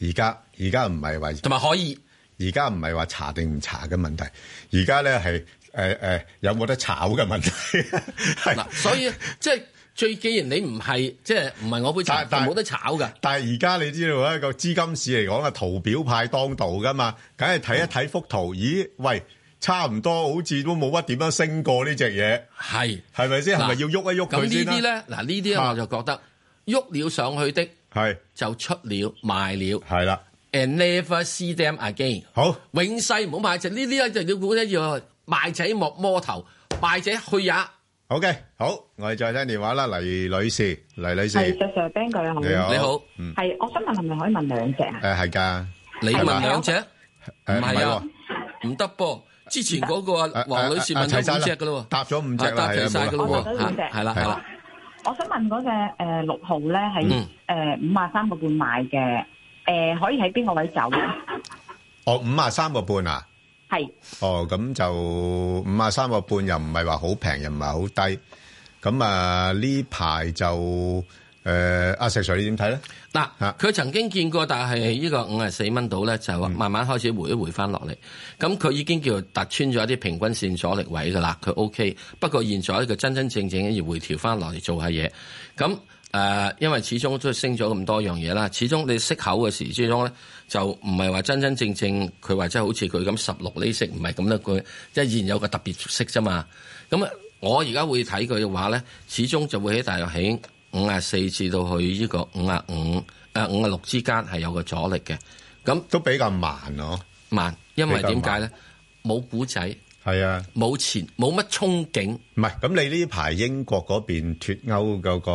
而家，而家唔係話，同埋可以。而家唔係話茶定唔茶嘅問題，而家咧係誒誒有冇得炒嘅問題。係 啦、啊，所以即係最既然你唔係即係唔係我杯茶，但係冇得炒噶。但係而家你知道一個資金市嚟講啊，圖表派當道噶嘛，梗係睇一睇幅圖，嗯、咦喂，差唔多好似都冇乜點樣升過呢隻嘢。係係咪先、啊？係咪要喐一喐咁呢啲咧，嗱呢啲我就覺得。啊啊喐了上去的，係就出了，賣了，係啦。And never see them again。好，永世唔好買隻呢啲啊！隻股咧要賣仔莫摸頭，賣仔去也。OK，好，我哋再聽電話啦，黎女士，黎女士。係，Sergeant，你好。你好，你好。嗯，係，我想問係咪可以問兩隻啊？誒，係噶，你問兩隻，唔係啊，唔得噃。之前嗰個黃女士問咗五隻噶啦，答咗五隻啦，答齊曬噶啦，係啦。我想問嗰隻六號咧喺誒五啊三個半買嘅，誒、呃、可以喺邊個位置走？哦，五啊三個半啊，係。哦，咁就五啊三個半又唔係話好平，又唔係好低。咁啊呢排就。誒、呃、阿石 Sir，你點睇咧？嗱、啊，佢曾經見過，但係呢個五啊四蚊度咧，就慢慢開始回一回翻落嚟。咁、嗯、佢已經叫做突穿咗一啲平均線阻力位噶啦，佢 O K。不過現在佢真真正正要回調翻落嚟做下嘢。咁誒、呃，因為始終都升咗咁多樣嘢啦，始終你息口嘅時之中咧就唔係話真真正正佢話即係好似佢咁十六厘息，唔係咁咧。佢即係現有個特別息啫嘛。咁啊，我而家會睇佢嘅話咧，始終就會喺大約起。五啊四至到去依個五啊五，誒五啊六之間係有個阻力嘅，咁都比較慢咯，慢，因為點解咧？冇故仔，係啊，冇錢，冇乜憧憬。唔係，咁你呢排英國嗰邊脫歐嗰個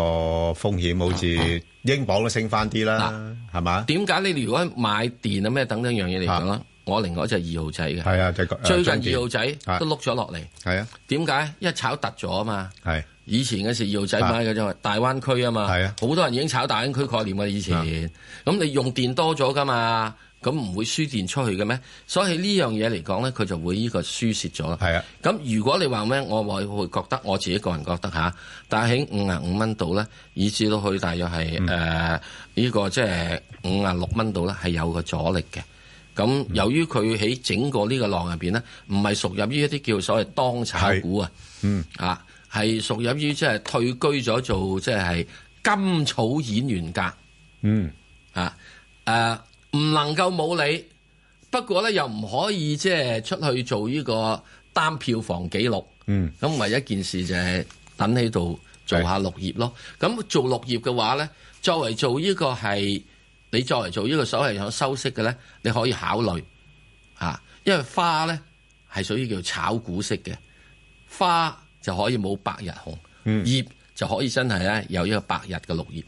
風險，好似英鎊都升翻啲啦，係嘛？點解你如果買電啊咩等等樣嘢嚟講咧？我寧可就二號仔嘅。係啊，最近二號仔都碌咗落嚟。係啊，點解？因為炒突咗啊嘛。係。以前嘅時候二號仔買嘅啫大灣區啊嘛，好、啊、多人已經炒大灣區概念啊。以前咁你用電多咗噶嘛，咁唔會輸電出去嘅咩？所以呢樣嘢嚟講咧，佢就會呢個輸蝕咗。咁、啊、如果你話咩，我會覺得我自己個人覺得吓，但係喺五啊五蚊度咧，以至到佢大約係誒呢個即係五啊六蚊度咧，係有個阻力嘅。咁由於佢喺整個呢個浪入面咧，唔係屬入於一啲叫所謂當炒股、嗯、啊，嗯啊。係屬於即係退居咗做即係甘草演員格，嗯啊誒唔、啊、能夠冇你，不過咧又唔可以即係出去做呢個單票房紀錄，嗯咁唯一件事就係等喺度做下綠葉咯。咁做綠葉嘅話咧，作為做呢個係你作為做呢個所謂想收息嘅咧，你可以考慮啊，因為花咧係屬於叫炒股式嘅花。就可以冇百日紅、嗯，葉就可以真係咧有一個百日嘅綠葉，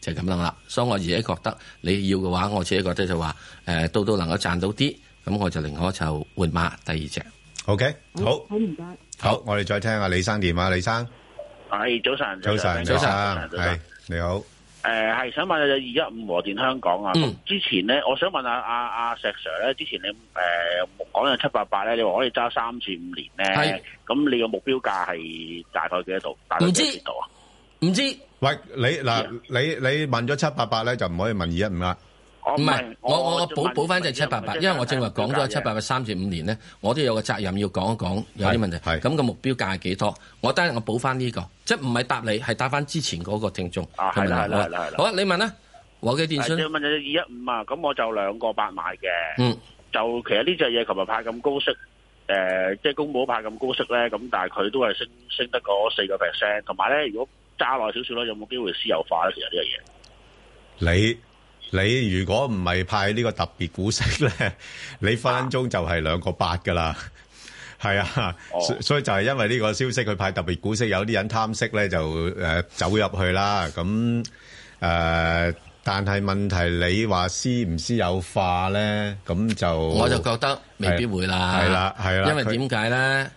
就咁、係、樣啦。所以我自己覺得你要嘅話，我自己覺得就話誒，到到能夠賺到啲，咁我就寧可就換馬第二隻。O、okay, K，好，好唔該，好，好，好，好，我哋再聽下李生電話。李生，係早晨，早晨，早晨，係你好。誒、呃，係想問下二一五和電香港啊、嗯。之前咧，我想問下阿阿石 Sir 咧，之前你誒講到七八八咧，呃、788，你話可以揸三至五年咧，咁你個目標價係大概幾多度？大概幾多度啊？唔知唔知喂，你嗱、呃 yeah。你你問咗七八八咧，就唔可以問二一五啊！唔、啊、係，我我我補補翻七百八，因為我正話講咗七百八三至五年咧，我都有個責任要講一講有啲問題。係咁、嗰個目標價係幾多？我等日我補翻呢個，即係唔係答你，係答翻之前嗰個聽眾。係啦係啦係啦係啦。好啊，你問啦，我嘅電信。你問就二一五啊，咁我就兩個八賣嘅。嗯，就其實這隻麼、呃就是、麼呢隻嘢琴日派咁高息，誒，即係公保派咁高息咧，咁但係佢都係升升得嗰四個 percent，同埋咧，如果揸耐少少咧，有冇機會私有化咧？其實呢樣嘢，你。你如果唔係派呢個特別股息咧，你分鐘就係兩個八噶啦。係啊，所以就係因為呢個消息佢派特別股息，有啲人貪息咧就走入去啦。咁、呃、誒，但係問題你話私唔私有化咧？咁就我就覺得未必會啦。係啦、啊，係啦、啊啊啊，因為點解咧？呢、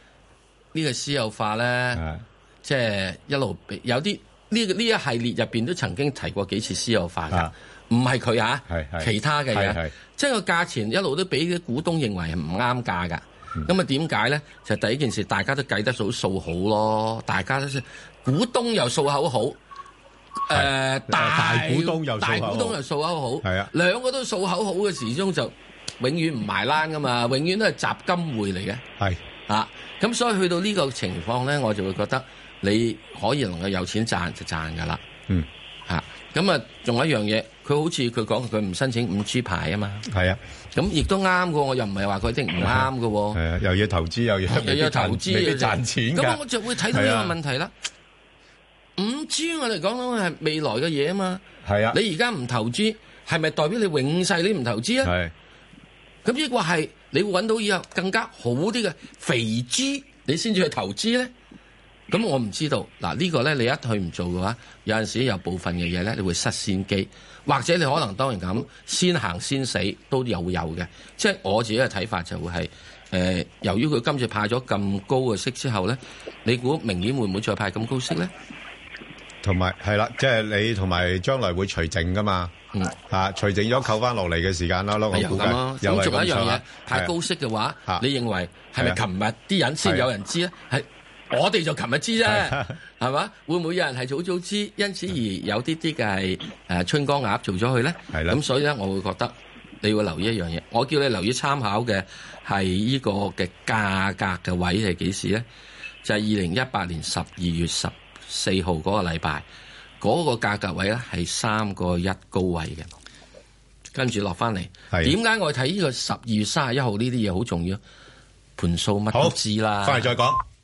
呢個私有化咧，即係、啊就係、一路有啲呢呢一系列入面都曾經提過幾次私有化噶。唔係佢吓，係係其他嘅嘢，係係係即係個價錢一路都俾啲股東認為係唔啱價噶。咁啊，點解咧？就係、第一件事，大家都計得數數好咯，大家都股東又數口好，誒、呃，大股東又數口好，係啊，兩個都數口好嘅時中就永遠唔埋單噶嘛，永遠都係集金匯嚟嘅。係啊，咁所以去到呢個情況咧，我就會覺得你可以能夠有錢賺就賺噶啦。嗯，啊，咁啊，仲有一樣嘢。佢好似佢講，佢唔申請五 G 牌啊嘛。係啊，咁亦都啱嘅。我又唔係話佢一定唔啱嘅。係啊，啊，又要投資又要又要投資又要賺錢㗎。咁我就會睇到呢個問題啦。五 G 我哋講緊係未來嘅嘢啊嘛。係啊，你而家唔投資係咪代表你永世你唔投資啊？係。咁呢個係你會揾到以後更加好啲嘅肥豬，你先至去投資咧。咁我唔知道嗱，這個、呢個咧你一去唔做嘅話，有陣時有部分嘅嘢咧，你會失先機。或者你可能當然咁，先行先死都有有嘅，即係我自己嘅睇法就會、是、係、呃、由於佢今次派咗咁高嘅息之後咧，你估明年會唔會再派咁高息咧？同埋係啦，即係、就是、你同埋將來會除淨噶嘛、嗯？啊，除淨咗扣翻落嚟嘅時間啦，囉、嗯、我估計。嗯嗯嗯嗯、仲有一樣嘢，派高息嘅話，你認為係咪琴日啲人先有人知咧？我哋就琴日知啫，係 嘛？會唔會有人係早早知，因此而有啲啲嘅係誒春江鴨做咗去咧？係啦，咁所以咧，我會覺得你會留意一樣嘢。我叫你留意參考嘅係呢個嘅價格嘅位係幾時咧？就係二零一八年十二月十四號嗰個禮拜嗰個價格位咧係三個一高位嘅，跟住落翻嚟。點解我哋睇呢個十二月三十一號呢啲嘢好重要？盤數乜都知啦，翻嚟再講。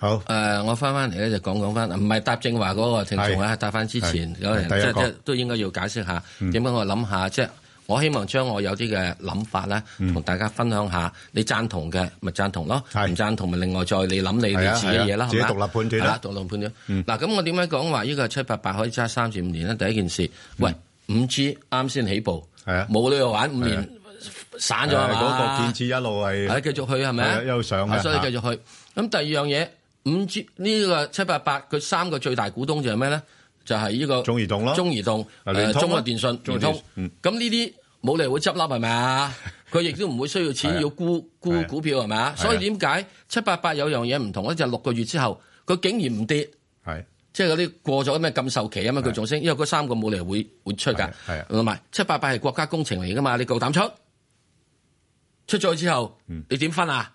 好，誒、呃，我翻翻嚟咧就講講翻，唔係答正話嗰、那個聽眾喺答翻之前有、那個、人即都應該要解釋下點解、嗯、我諗下，即係我希望將我有啲嘅諗法咧，同、嗯、大家分享下，你贊同嘅咪贊同咯，唔贊同咪、就是、另外再你諗你你自己嘢啦、啊啊，自己獨立判斷啦、啊啊，獨立判斷。嗱、嗯，咁、啊、我點解講話呢個七八八可以揸三至五年咧？第一件事，嗯、喂，五 G 啱先起步，冇都要玩五年散咗係嘛？嗰個建設一路係，係繼續去係咪又上啊，所以、啊啊啊啊啊、繼續去。咁第二樣嘢。五 G 呢、呢個七八八佢三個最大股東就係咩咧？就係、是、呢個中移動咯，中移動、呃、中國電信、聯通。咁呢啲冇理由會執笠，係咪啊？佢亦都唔會需要錢、啊、要沽沽股票係咪啊？所以點解、啊、七八八有樣嘢唔同咧？就係、六個月之後佢竟然唔跌，係即係嗰啲過咗咩禁售期啊？嘛？佢仲升、啊？因為嗰三個冇理由會會出噶，係咪、啊啊？七八八係國家工程嚟噶嘛？你夠膽出？出咗之後你點分啊？嗯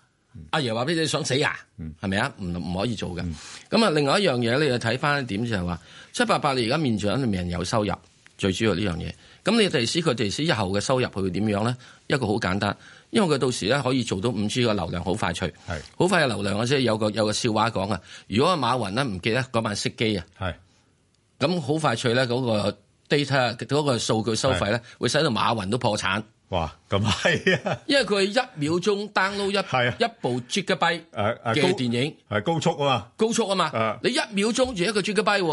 阿爺話俾你，想死啊，係咪啊？唔唔可以做嘅。咁、嗯、啊，另外一樣嘢，你又睇翻一點就係、是、話七八八，你而家面對緊係名人有收入，最主要呢樣嘢。咁你第時佢第時日後嘅收入佢會點樣咧？一個好簡單，因為佢到時咧可以做到五 G 嘅流量好快脆，係好快嘅流量。我即係有個有個笑話講啊，如果阿馬雲咧唔記得嗰晚熄機啊，係咁好快脆咧嗰個 data 嗰個數據收費咧，會使到馬雲都破產。哇，咁係啊！因為佢一秒鐘 download 一、啊、一部《侏嘅幣 Gigabyte》嘅電影，係、啊啊高，啊、高速啊嘛，高速啊嘛，你一秒鐘就一個 Gigabyte，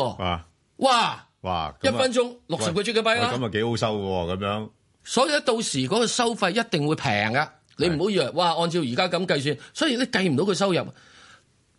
哇，哇，一分鐘六十個 Gigabyte 啦，咁啊幾好收嘅咁樣，所以咧到時嗰個收費一定會平噶，你唔好以為哇，按照而家咁計算，所以你計唔到佢收入，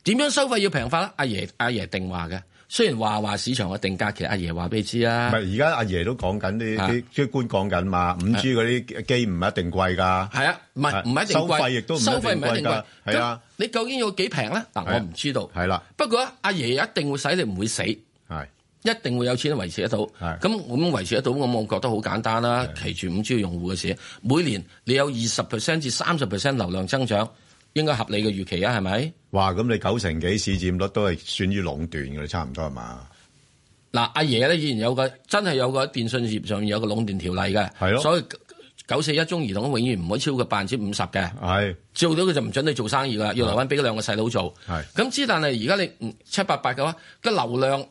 點樣收費要平法咧？阿爺阿爺定話嘅。雖然話話市場嘅定價，其實阿爺話俾你知啊。唔係而家阿爺都講緊啲啲觀官講緊嘛，五 G 嗰啲機唔一定貴㗎。係啊，唔係唔係一定貴。收費亦都唔一定貴。係啊，收一定你究竟有幾平咧？嗱，我唔知道。係啦，不過阿爺，爺一定會使你唔會死，係一定會有錢維持得到。係咁咁維持得到，我我覺得好簡單啦。其住五 G 用戶嘅事，每年你有二十 percent 至三十 percent 流量增長。應該合理嘅預期啊，係咪？哇！咁你九成幾市佔率都係算於壟斷嘅，差唔多係嘛？嗱、啊，阿爺咧以前有個真係有個電信業上面有個壟斷條例嘅，係咯。所以九四一中移動永遠唔會超過百分之五十嘅。係做到佢就唔准你做生意啦，要留翻俾兩個細佬做。係咁，之但係而家你七八八嘅話，個流量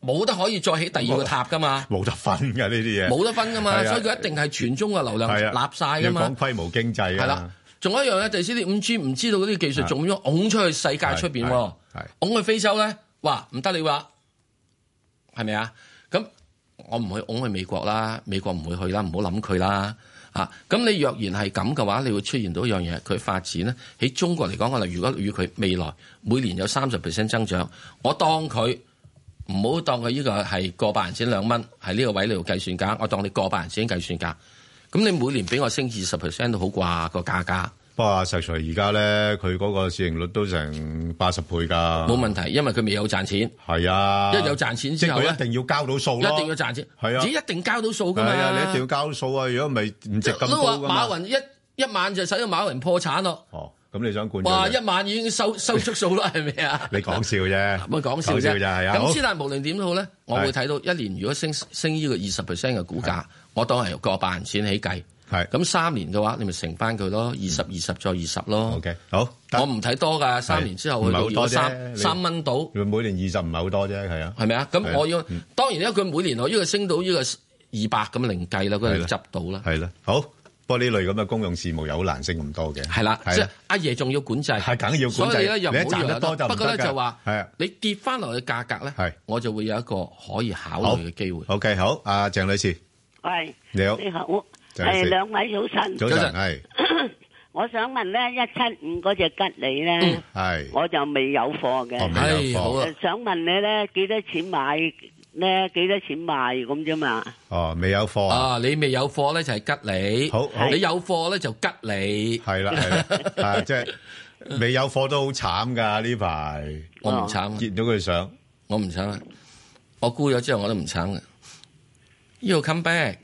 冇得可以再起第二個塔㗎嘛？冇得分㗎呢啲嘢。冇得分㗎嘛，所以佢一定係全中嘅流量立晒㗎嘛。要講規模經濟啦。仲有一樣咧，第先啲五 G 唔知道嗰啲技術仲點拱出去世界出邊喎？拱去非洲咧，哇唔得你話，係咪啊？咁我唔去拱去美國啦，美國唔會去啦，唔好諗佢啦啊！咁你若然係咁嘅話，你會出現到一樣嘢，佢發展咧，喺中國嚟講，我哋如果與佢未來每年有三十 percent 增長，我當佢唔好當佢呢個係過百人錢兩蚊，喺呢個位度計算價，我當你過百人錢計算價。咁你每年俾我升二十 percent 都好啩，個價格？不過阿石 Sir 而家咧，佢嗰個市盈率都成八十倍噶。冇問題，因為佢未有賺錢。係啊，一有賺錢之後一定要交到數，一定要賺錢。係啊，你一定交到數噶嘛？係啊，你一定要交數啊！如果唔係唔值咁高噶。都話馬雲一一晚就使咗馬雲破產咯。哦，咁你想管？哇！一晚已經收收足數啦，係咪啊？你講笑啫，咁講笑啫，係啊。咁但係無論點都好咧，我會睇到一年如果升，啊、升呢個二十 percent 嘅股價。我當係個百銀錢起計，係咁三年嘅話，你咪乘翻佢咯，二十、二十再二十咯。OK，好，我唔睇多噶，三年之後後去到三三蚊到。佢每年二十唔係好多啫，係啊。係咪啊？咁我要當然咧，因為佢每年我呢個升到呢個二百咁零計啦，佢嚟執到啦。係啦、啊啊，好，不過呢類咁嘅公用事務又好難升咁多嘅。係啦、啊啊，即係阿爺仲要管制，係梗要管制，所以咧又唔好賺得多不。不過咧就話係啊，你跌翻落去嘅價格咧，係、啊、我就會有一個可以考慮嘅機會。好 OK，好，阿、啊、鄭女士。係你好，你好，係兩位早晨，早晨係，我想問咧一七五嗰隻吉利咧，係，我就未有貨嘅，哦，未有貨，想問你咧幾多錢買咧，幾多錢賣咁啫嘛？哦，未有貨啊，你未有貨咧就係吉利，好，你有貨咧就吉利，係啦係啦，即係未有貨都好慘噶呢排，我唔慘，見到佢上，我唔慘，我沽咗之後我都唔慘嘅。要 come back，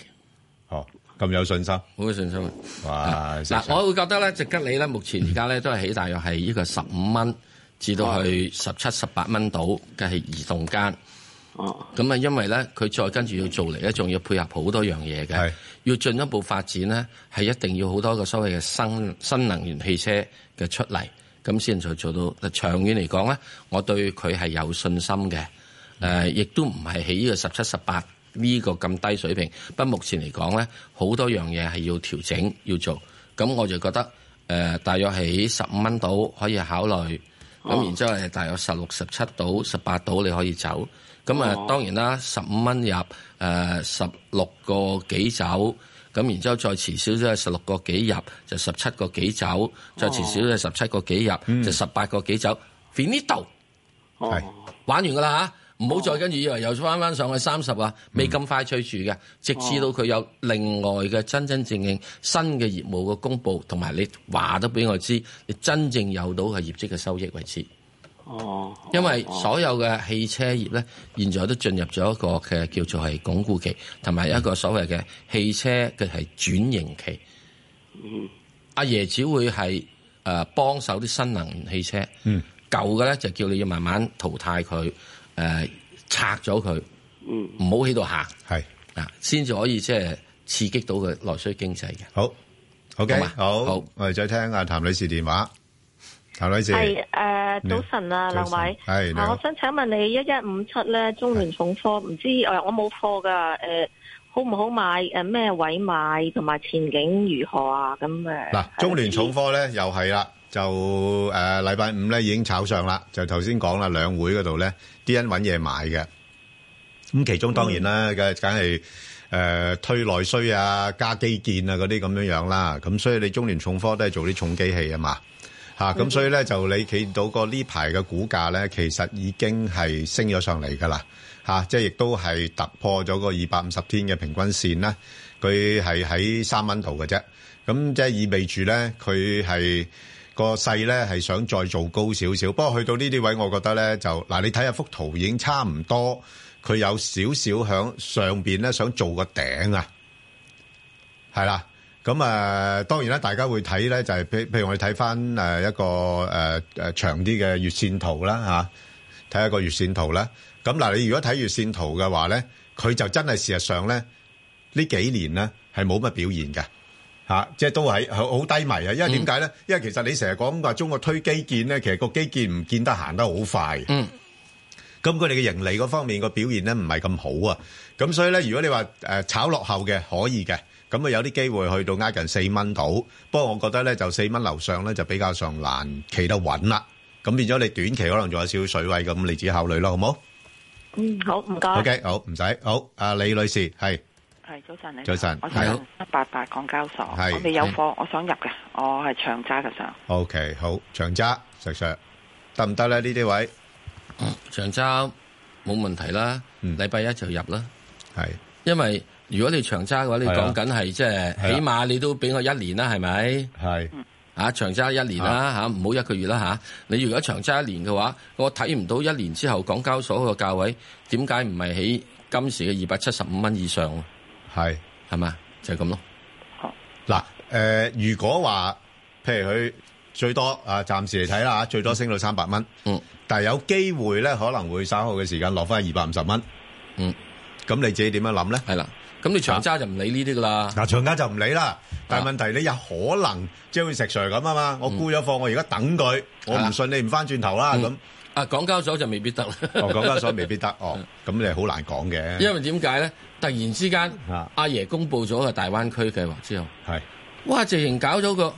哦，咁有信心，好有信心。嗱，我會覺得咧，吉利咧，目前而家咧都係起大約係呢個十五蚊至到去十七、十八蚊度，嘅係移動間。哦，咁啊，因為咧，佢再跟住要做嚟咧，仲要配合好多樣嘢嘅，要進一步發展咧，係一定要好多個所謂嘅新新能源汽車嘅出嚟，咁先至做到。長遠嚟講咧，我對佢係有信心嘅。誒、嗯，亦、呃、都唔係起呢個十七、十八。呢、這個咁低水平，不過目前嚟講呢，好多樣嘢係要調整要做。咁我就覺得，誒、呃，大約喺十五蚊到可以考慮。咁、oh. 然之後係大約十六、十七到十八到你可以走。咁啊，呃 oh. 當然啦，十五蚊入，誒十六個幾走。咁然之後再遲少少係十六個幾入，就十七個幾走，再遲少少十七個幾入，oh. 就十八個幾走。Oh. Finito，係，oh. 玩完㗎啦吓唔好再跟住，以為又翻翻上去三十啊，未咁快催住嘅，直至到佢有另外嘅真真正正新嘅業務嘅公布，同埋你話得俾我知，你真正有到嘅業績嘅收益為止。哦，因為所有嘅汽車業呢，現在都進入咗一個嘅叫做係鞏固期，同埋一個所謂嘅汽車嘅係轉型期、嗯。阿爺只會係誒、呃、幫手啲新能源汽車，嗯，舊嘅呢就叫你要慢慢淘汰佢。誒、呃，拆咗佢，嗯，唔好喺度行，係先至可以即係、呃、刺激到佢，內需經濟嘅。好，OK，好，好，好，我哋再聽下譚女士電話。譚女士，係誒、呃，早晨啊，兩、嗯、位，係，嗱、呃，我想請問你一一五七咧，中聯重科，唔知誒，我冇貨噶，誒、呃，好唔好買？誒、呃，咩位買？同埋前景如何啊？咁嘅，嗱、啊，中聯重科咧又係啦。就誒，呃、禮拜五咧已經炒上啦。就頭先講啦，兩會嗰度咧，啲人搵嘢買嘅。咁其中當然啦，嘅梗係誒推內需啊，加基建啊，嗰啲咁樣樣啦。咁所以你中聯重科都係做啲重機器嘛、嗯、啊嘛吓。咁所以咧就你企到個呢排嘅股價咧，其實已經係升咗上嚟噶啦吓，即係亦都係突破咗個二百五十天嘅平均線啦。佢係喺三蚊度嘅啫，咁即係意味住咧佢係。個勢咧係想再做高少少，不過去到呢啲位，我覺得咧就嗱，你睇下幅圖已經差唔多，佢有少少喺上面咧想做個頂啊，係啦。咁啊、呃，當然啦，大家會睇咧就係、是、譬譬如我哋睇翻誒一個誒誒、呃、長啲嘅月線圖啦吓，睇、啊、下個月線圖啦。咁嗱，你如果睇月線圖嘅話咧，佢就真係事實上咧呢幾年咧係冇乜表現嘅。吓，即係都係好低迷啊！因為點解咧？因為其實你成日講話中國推基建咧，其實個基建唔見得行得好快。嗯，咁佢哋嘅盈利嗰方面個表現咧，唔係咁好啊。咁所以咧，如果你話誒炒落後嘅可以嘅，咁啊有啲機會去到挨近四蚊度。不過我覺得咧，就四蚊樓上咧就比較上難企得穩啦。咁變咗你短期可能仲有少少水位咁，你自己考慮咯，好冇？嗯，好，唔該。OK，好，唔使，好，阿李女士係。係早晨，早晨，我睇八八港交所，我未有貨，嗯，我想入嘅，我係長揸嘅上。O、okay, K，好長揸，石 sir 得唔得咧？呢啲位長揸冇問題啦。禮、嗯、拜一就入啦。係，因為如果你長揸嘅話，啊、你講緊係即係起碼你都俾我一年啦，係咪？係啊，長揸一年啦吓，唔好、啊啊、一個月啦吓、啊。你如果長揸一年嘅話，我睇唔到一年之後港交所個價位點解唔係喺今時嘅二百七十五蚊以上。係係咪就係、是、咁咯。嗱，誒，如果話譬如佢最多啊，暫時嚟睇啦，最多升到三百蚊。嗯。但係有機會咧，可能會稍後嘅時間落翻二百五十蚊。嗯。咁你自己點樣諗咧？係啦。咁你長揸就唔理呢啲噶啦。嗱，長揸就唔理啦、嗯。但係問題你有可能，啊、即係好似石 Sir 咁啊嘛。我沽咗貨，我而家等佢。我唔信你唔翻轉頭啦咁。啊，港交所就未必得啦。哦，港交所未必得 哦，咁你好難講嘅。因為點解咧？突然之間，阿爺，啊、啊、公布咗個大灣區嘅之後，係哇，直情搞咗個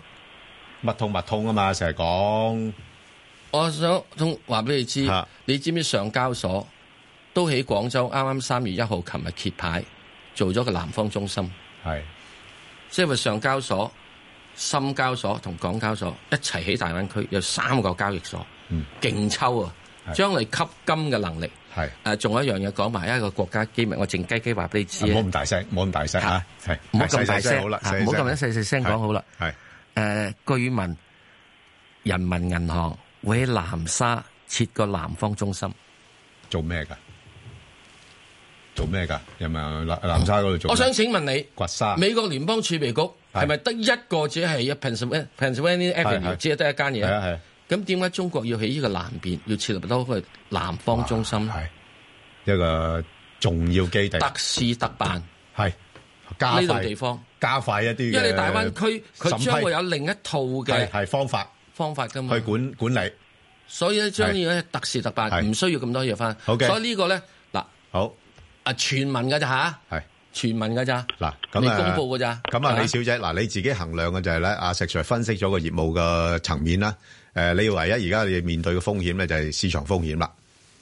密通密通啊嘛，成日講。我想通話俾你知，你知唔知上交所都喺廣州？啱啱三月一號，琴日揭牌做咗個南方中心，係即係話上交所、深交所同港交所一齊喺大灣區，有三個交易所。勁抽啊！將來吸金嘅能力係誒，仲有一樣嘢講埋，一個國家機密，我靜雞雞話俾你知。唔好咁大聲，唔好咁大聲吓，係唔好咁大聲，唔好咁樣細細聲講好啦。係誒，據聞，人民銀行會喺南沙設個南方中心，做咩噶？做咩噶？人民銀行南沙嗰度做？我想請問你，掘沙？美國聯邦儲備局係咪得一個只係一 Pennsylvania Avenue，只係得一間嘢？係啊係。咁點解中國要喺呢個南邊，要設立多個南方中心？係一個重要基地，特事特辦係呢度地方，加快一啲。因為你大灣區佢將會有另一套嘅係方法方法噶嘛，去管管理。所以咧，將要啲特事特辦唔需要咁多嘢翻。好嘅，所以個呢個咧嗱，好啊，傳聞噶咋吓？係傳聞噶咋嗱？咁你公布噶咋？咁啊，李小姐嗱，你自己衡量嘅就係、是、咧，阿石 Sir 分析咗個業務嘅層面啦。誒、呃，你要唯一而家你要面對嘅風險咧，就係市場風險啦，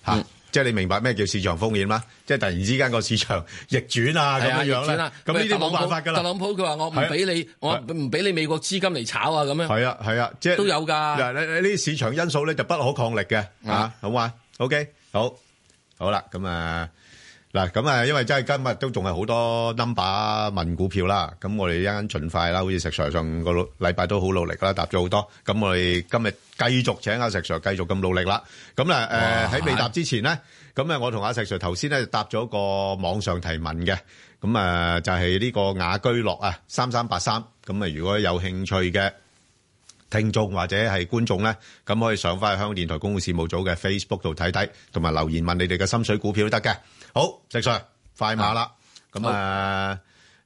吓、嗯啊、即係你明白咩叫市場風險啦，即係突然之間個市場逆轉啊咁、啊、樣啊樣啦，咁呢啲冇辦法噶啦。特朗普佢話我唔俾你，啊、我唔俾你美國資金嚟炒啊咁樣。係啊係啊，即係、啊、都有㗎。嗱，你你呢啲市場因素咧就不可抗力嘅吓、啊啊、好嘛？OK，好好啦，咁啊。嗱咁啊，因為真係今日都仲係好多 number 問股票啦。咁我哋一陣盡快啦。好似石 Sir 上個禮拜都好努力㗎啦，答咗好多。咁我哋今日繼續請阿石 Sir 繼續咁努力啦。咁啦，誒喺未答之前咧，咁誒我同阿石 Sir 頭先咧答咗個網上提問嘅。咁啊就係呢個雅居樂啊三三八三。咁啊如果有興趣嘅聽眾或者係觀眾咧，咁可以上翻去香港電台公共事務組嘅 Facebook 度睇睇，同埋留言問你哋嘅心水股票都得嘅。好，石 Sir，快馬啦，咁、嗯、啊呢、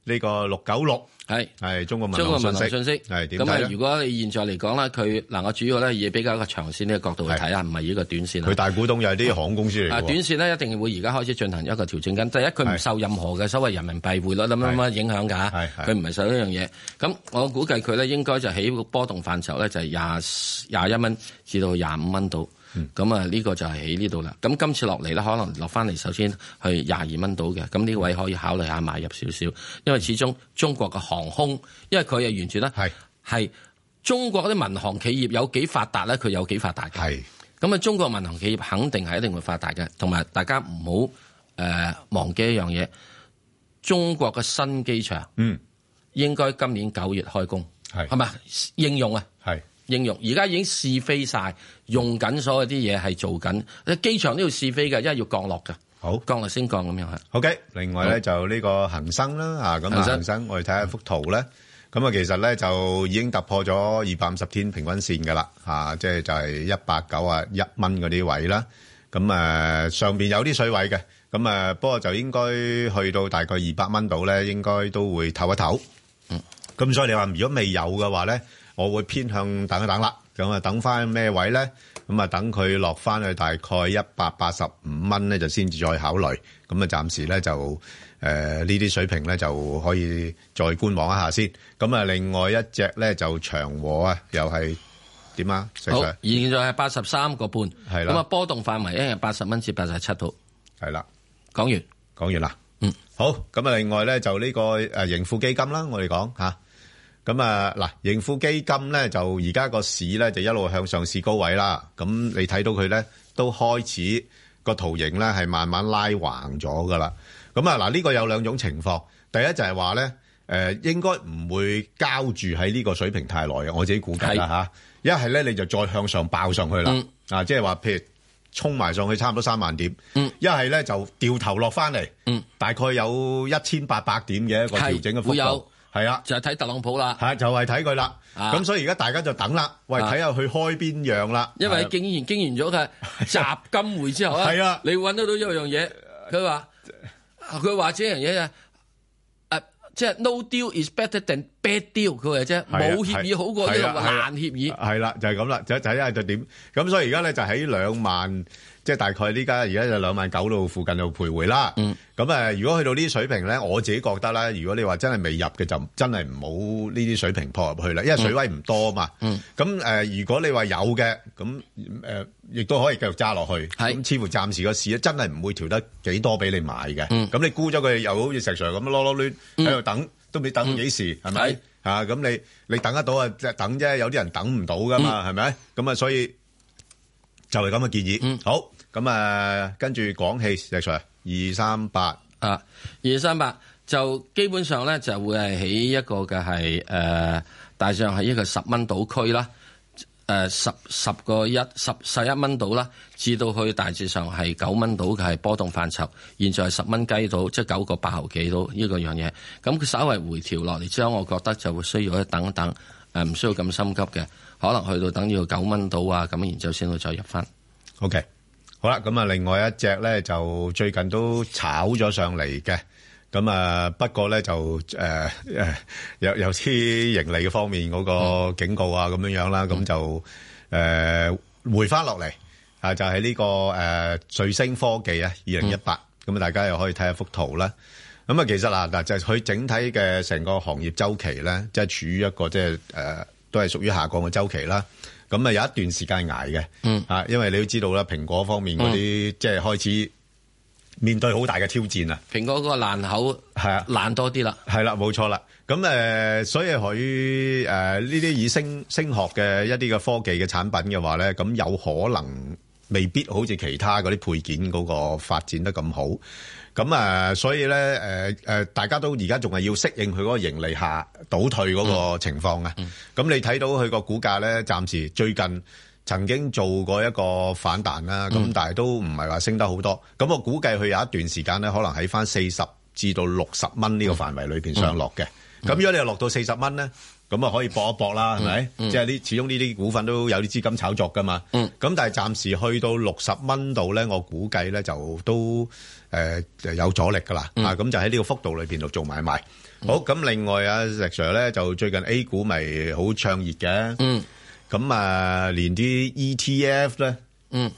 這個六九六係係中國民中國民航信息係點睇？咁啊，如果你現在嚟講咧，佢能夠主要咧以比較一個長線呢個角度去睇啊，唔係呢個短線。佢大股東又係啲航空公司嚟啊，短線咧一定會而家開始進行一個調整緊。第一，佢唔受任何嘅所謂人民幣匯率咁樣乜影響㗎。係佢唔係受呢樣嘢。咁我估計佢咧應該就喺個波動範疇咧，就係廿廿一蚊至到廿五蚊度。咁、嗯、啊，呢個就係喺呢度啦。咁今次落嚟咧，可能落翻嚟首先係廿二蚊到嘅。咁呢位可以考慮下買入少少，因為始終中國嘅航空，因為佢係完全咧係中國啲民航企業有幾發達咧，佢有幾發達嘅。係咁啊，中國民航企業肯定係一定會發達嘅。同埋大家唔好誒忘記一樣嘢，中國嘅新機場，嗯應該今年九月開工，係係咪應用啊係。應用而家已經試飛曬，用緊所有啲嘢係做緊。機場都要試飛嘅，因為要降落嘅。好降落先降咁樣嚇。OK 另外咧就呢個恆生啦嚇，咁啊恆生我哋睇下幅圖咧，咁啊其實咧就已經突破咗二百五十天平均線嘅啦嚇，即係就係一百九十一蚊嗰啲位啦。咁啊上邊有啲水位嘅，咁啊不過就應該去到大概二百蚊度咧，應該都會唞一唞。嗯。咁所以你話如果未有嘅話咧？我會偏向等一等啦，咁啊等翻咩位咧？咁啊等佢落翻去大概一百八十五蚊咧，就先至再考慮。咁啊，暫時咧就誒呢啲水平咧就可以再觀望一下先。咁啊，另外一隻咧就長和啊，又係點啊？好，現在係八十三個半，係啦。咁啊波動範圍一日八十蚊至八十七度，係啦。講完，講完啦。嗯，好。咁啊，另外咧就呢個誒盈富基金啦，我哋講吓。咁啊，嗱，盈富基金咧就而家個市咧就一路向上試高位啦。咁你睇到佢咧都開始個圖形咧係慢慢拉橫咗噶啦。咁啊，嗱，呢個有兩種情況，第一就係話咧，誒、呃、應該唔會膠住喺呢個水平太耐嘅，我自己估計啦嚇，一係咧你就再向上爆上去啦，啊、嗯，即係話譬如衝埋上去差唔多三萬點，一係咧就掉頭落翻嚟、嗯，大概有一千八百點嘅一個調整嘅幅度。係啦、啊，就睇、是、特朗普啦、啊，就係睇佢啦。咁、啊、所以而家大家就等啦，喂，睇下佢開邊樣啦、啊啊。因為竟然經完咗嘅特金會之後啊，你搵得到一樣嘢，佢話佢話呢樣嘢啊，誒，即係、啊啊、no deal is better than bad deal，佢話啫，冇協議好過呢個爛協議。係啦、啊啊啊啊，就係咁啦，就睇下就點。咁所以而家咧就喺兩萬。即係大概呢家而家就兩萬九到附近度徘徊啦。咁，誒，如果去到呢啲水平咧，我自己覺得咧，如果你話真係未入嘅，就真係唔好呢啲水平撲入去啦，因為水位唔多啊嘛。咁，誒，如果你話有嘅，咁，誒，亦都可以繼續揸落去。咁似乎暫時個市啊，真係唔會調得幾多俾你買嘅。咁你估咗佢又好似石 Sir 咁囉囉攣喺度等，都未等幾時，係咪？吓，咁你你等得到啊？即係等啫，有啲人等唔到噶嘛，係咪？咁啊，所以就係咁嘅建議。好。咁、嗯、啊，跟住講起隻船二三八啊，二三八就基本上咧，就會係喺一個嘅係誒，大致上係一個十蚊到區啦。誒、呃，十十個一十十一蚊到啦，至到去大致上係九蚊到嘅係波動範疇。現在係十蚊雞到，即係九個八毫幾到呢個樣嘢。咁佢稍微回調落嚟之後，我覺得就會需要一等一等誒，唔需要咁心急嘅，可能去到等要九蚊到啊，咁然之後先會再入翻。O.K. 好啦，咁啊，另外一隻咧就最近都炒咗上嚟嘅，咁啊，不過咧就誒誒、呃，有有啲盈利嘅方面嗰、那個警告啊，咁樣樣啦，咁就誒回翻落嚟啊，就係、是、呢、這個誒瑞、呃、星科技啊，二零一八，咁啊，大家又可以睇下幅圖啦，咁啊，其實嗱嗱就係佢整體嘅成個行業周期咧，即、就、係、是、處於一個即係誒都係屬於下降嘅周期啦。咁啊，有一段時間捱嘅，啊、嗯，因為你都知道啦，蘋果方面嗰啲、嗯、即係開始面對好大嘅挑戰蘋難難啊！蘋果嗰個爛口係啊爛多啲啦，係啦，冇錯啦。咁誒，所以佢誒呢啲以升升學嘅一啲嘅科技嘅產品嘅話咧，咁有可能未必好似其他嗰啲配件嗰個發展得咁好。咁啊，所以咧，誒誒，大家都而家仲係要適應佢嗰個盈利下倒退嗰個情況啊。咁你睇到佢個股價咧，暫時最近曾經做過一個反彈啦。咁但係都唔係話升得好多。咁我估計佢有一段時間咧，可能喺翻四十至到六十蚊呢個範圍裏邊上落嘅。咁如果你落到四十蚊咧，咁啊可以搏一搏啦，係咪？即係呢始終呢啲股份都有啲資金炒作㗎嘛。咁但係暫時去到六十蚊度咧，我估計咧就都。誒，有阻力噶啦，啊，咁就喺呢個幅度裏邊度做買賣。好，咁另外阿 Sir 咧，就最近 A 股咪好暢熱嘅，咁啊，連啲 ETF 咧，嗯，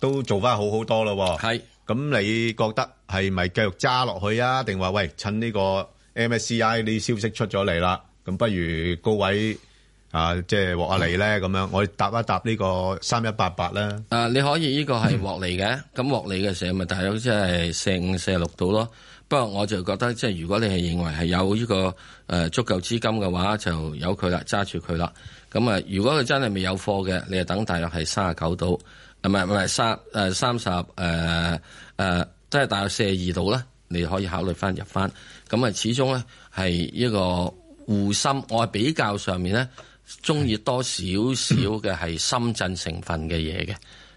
都做翻好好多咯。係，咁你覺得係咪繼續揸落去啊？定話喂，趁呢個 MSCI 呢消息出咗嚟啦，咁不如高位。啊，即係獲利咧，咁、嗯、樣我搭一搭呢個三一八八咧。啊，你可以呢個係獲利嘅，咁、嗯、獲利嘅時咪大約即係四五、四六度咯。不過我就覺得，即、就、係、是、如果你係認為係有呢、這個誒、呃、足夠資金嘅話，就有佢啦，揸住佢啦。咁啊，如果佢真係未有貨嘅，你就等大約係三十九度，唔係唔係三誒三十誒誒，都係、呃呃就是、大約四十二度啦，你可以考慮翻入翻。咁啊，始終咧係一個護心。我比較上面咧。中意多少少嘅係深圳成分嘅嘢嘅，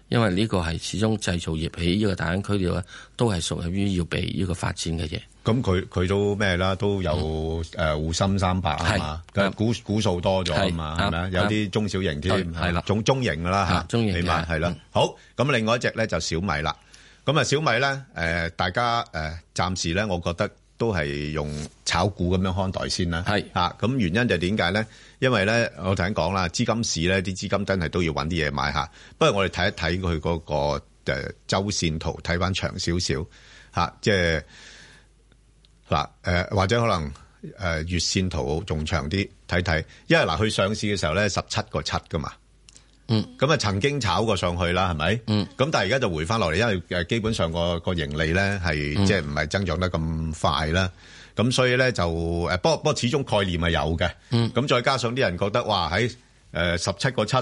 因為呢個係始終製造業起呢、呢個大灣區度咧，都係屬於要被呢個發展嘅嘢。咁佢佢都咩啦？都有誒滬深三百啊嘛，股估，估，估數多咗啊嘛，係咪啊？有啲中小型添，係啦，中中型啦嚇，中型起碼係啦。好，咁另外一隻咧就小米啦。咁啊小米咧、呃、大家誒、呃、暫時咧，我覺得。都係用炒股咁樣看待先啦。咁、啊、原因就點解咧？因為咧，我頭先講啦，資金市咧啲資金真係都要搵啲嘢買下。不如我哋睇一睇佢嗰個周線圖，睇翻長少少嚇，即係嗱誒，或者可能誒月線圖仲長啲，睇睇。因為嗱，佢、啊、上市嘅時候咧，十七個七噶嘛。嗯，咁啊曾經炒過上去啦，係咪？嗯，咁但係而家就回翻落嚟，因為誒基本上個個盈利咧係即係唔係增長得咁快啦，咁、嗯、所以咧就誒，不過不過始終概念係有嘅。嗯，咁再加上啲人覺得哇喺誒十七個七，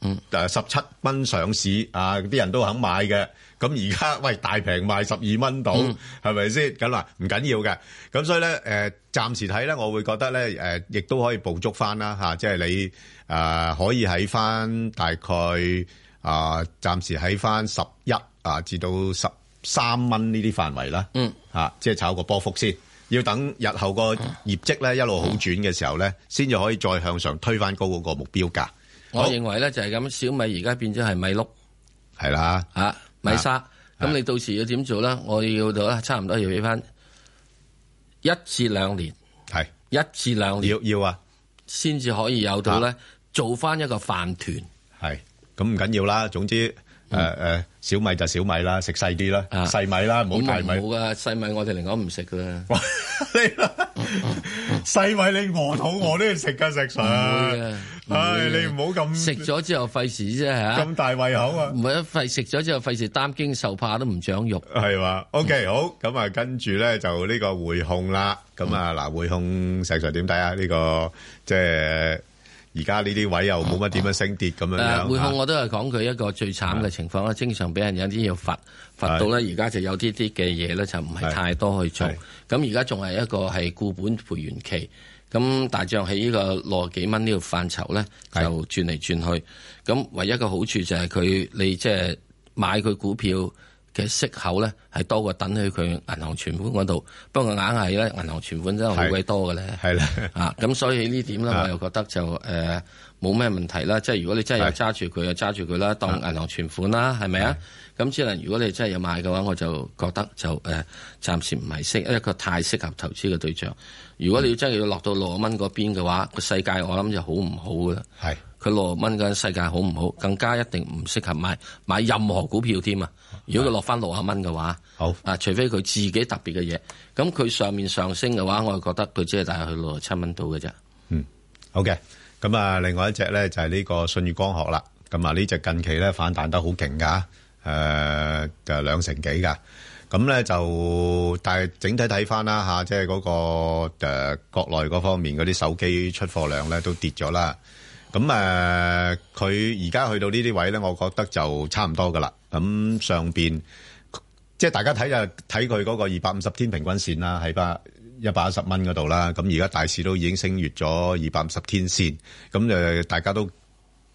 嗯，誒十七蚊上市啊，啲人都肯買嘅。咁而家喂大平賣十二蚊到，係咪先咁啊？唔緊要嘅咁，所以咧，誒，暫時睇咧，我會覺得咧，誒，亦都可以捕捉翻啦吓，即係你誒可以喺翻大概啊，暫時喺翻十一啊至到十三蚊呢啲範圍啦，嗯吓，即係炒個波幅先，要等日後個業績咧一路好轉嘅時候咧，先至可以再向上推翻高嗰個目標價。我認為咧就係咁，小米而家變咗係米碌，係啦吓。米沙，咁、啊、你到時要點做咧？我要到差唔多要俾翻一至兩年，係一至兩年要要啊，先至可以有到咧、啊，做翻一個飯糰。係，咁唔緊要啦，總之。誒誒，小米就小米啦，食細啲啦，細、uh, 米啦，唔好大米。冇噶，細米我哋寧可唔食噶。哇、哎，你細米你餓肚餓都要食噶，石 Sir 唉，你唔好咁。食咗之後費事啫咁大胃口啊？唔係啊，費食咗之後費事擔驚受怕都唔長肉。係嘛？OK，、嗯、好，咁啊，跟住咧就呢個匯控啦。咁啊嗱，匯控石 Sir 點睇啊？呢、uh. 啊這個即係。而家呢啲位又冇乜點樣升跌咁樣、哦、樣，呃、每我都係講佢一個最慘嘅情況啦。經常俾人有啲要罰，罰到咧而家就有啲啲嘅嘢咧，就唔係太多去做。咁而家仲係一個係固本培元期，咁大致喺呢個六幾蚊呢個範疇咧就轉嚟轉去。咁唯一個好處就係佢你即係買佢股票，嘅息口咧係多過等喺佢銀行存款嗰度，不過硬係咧銀行存款真係好鬼多嘅咧，啊咁所以呢點咧我又覺得就誒冇咩問題啦，即係如果你真係要揸住佢啊揸住佢啦，當銀行存款啦，係咪啊？咁只能如果你真係要買嘅話，我就覺得就誒、呃、暫時唔係一個太適合投資嘅對象。如果你真係要落到六蚊嗰邊嘅話，個世界我諗就好唔好嘅。佢六啊蚊嗰世界好唔好？更加一定唔適合買買任何股票添啊！如果佢落翻六啊蚊嘅話，好啊，除非佢自己特別嘅嘢。咁佢上面上升嘅話，我就覺得佢只係大概去六啊七蚊到嘅啫。嗯，OK。咁啊，另外一隻咧就係呢個信譽光學啦。咁啊，呢隻近期咧反彈得好勁噶，誒、呃、就兩成幾噶。咁咧就但係整體睇翻啦吓即係嗰個誒、呃、國內嗰方面嗰啲手機出貨量咧都跌咗啦。咁誒，佢而家去到呢啲位咧，我覺得就差唔多噶啦。咁上邊，即係大家睇就睇佢嗰個二百五十天平均線啦，喺百一百一十蚊嗰度啦。咁而家大市都已經升越咗二百五十天線，咁誒，大家都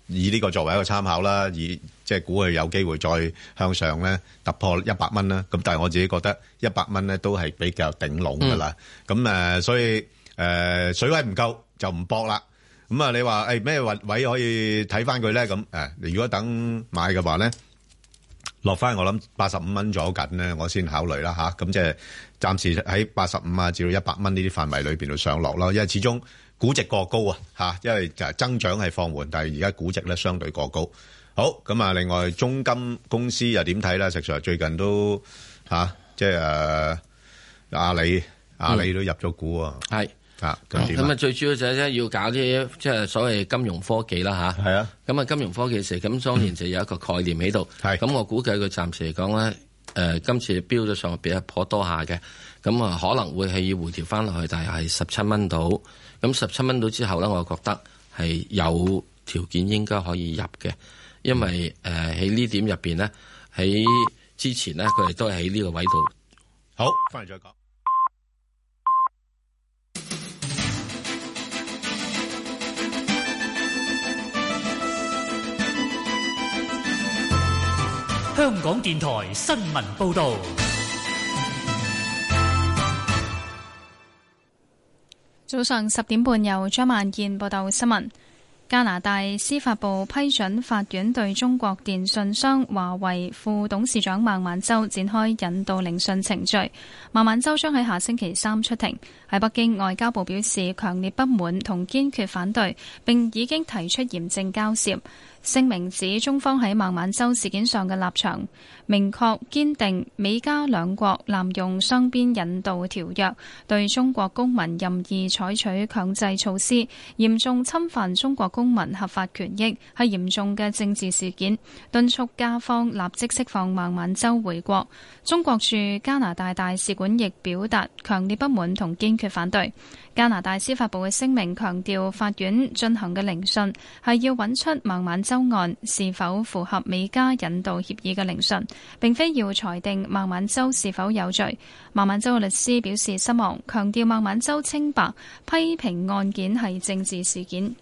以呢個作為一個參考啦，以即係估佢有機會再向上咧突破一百蚊啦。咁但係我自己覺得一百蚊咧都係比較頂籠噶啦。咁誒，所以誒水位唔夠就唔搏啦。咁啊，你話誒咩位可以睇翻佢咧？咁誒，如果等買嘅話咧，落翻我諗八十五蚊左緊咧，我先考慮啦吓。咁即係暫時喺八十五啊至到一百蚊呢啲範圍裏邊度上落啦，因為始終估值過高啊吓。因為增長係放緩，但係而家估值咧相對過高。好，咁啊，另外中金公司又點睇咧？實在最近都吓，即係阿里阿里都入咗股啊。係。啊咁啊，咁最主要就係咧要搞啲即係所謂金融科技啦吓。係啊，咁啊，金融科技時咁，當然就有一個概念喺度。係，咁我估計佢暫時嚟講咧，誒、呃，今次飆咗上去比較頗多下嘅，咁啊，可能會係要回調翻落去，但係係十七蚊到，咁十七蚊到之後咧，我覺得係有條件應該可以入嘅，因為誒喺呢點入邊咧，喺之前咧，佢哋都係喺呢個位度。好，翻嚟再講。香港電台新聞報道，早上十點半，由張萬健報道新聞。加拿大司法部批准法院對中國電信商華為副董事長孟晚舟展開引渡聆訊程序，孟晚舟將喺下星期三出庭。喺北京外交部表示強烈不滿同堅決反對，並已經提出嚴正交涉。聲明指中方喺孟晚舟事件上嘅立場。明確堅定，美加兩國濫用雙邊引渡條約，對中國公民任意採取強制措施，嚴重侵犯中國公民合法權益，係嚴重嘅政治事件。敦促加方立即釋放孟晚舟回國。中國駐加拿大大使館亦表達強烈不滿同堅決反對。加拿大司法部嘅聲明強調，法院進行嘅聆訊係要揾出孟晚舟案是否符合美加引渡協議嘅聆訊。並非要裁定孟晚舟是否有罪。孟晚舟嘅律師表示失望，強調孟晚舟清白，批評案件係政治事件。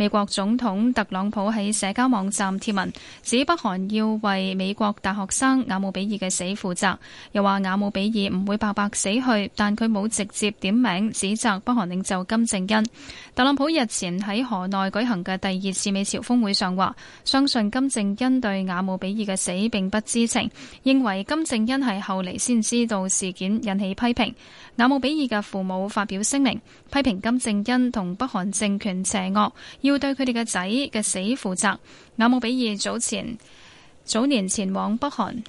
美國總統特朗普喺社交網站貼文，指北韓要為美國大學生雅姆比爾嘅死負責，又話雅姆比爾唔會白白死去，但佢冇直接點名指責北韓領袖金正恩。特朗普日前喺河內舉行嘅第二次美朝峰會上話，相信金正恩對雅姆比爾嘅死並不知情，認為金正恩係後嚟先知道事件，引起批評。雅姆比爾嘅父母發表聲明，批評金正恩同北韓政權邪惡，要對佢哋嘅仔嘅死負責。阿姆比爾早前早年前往北韓，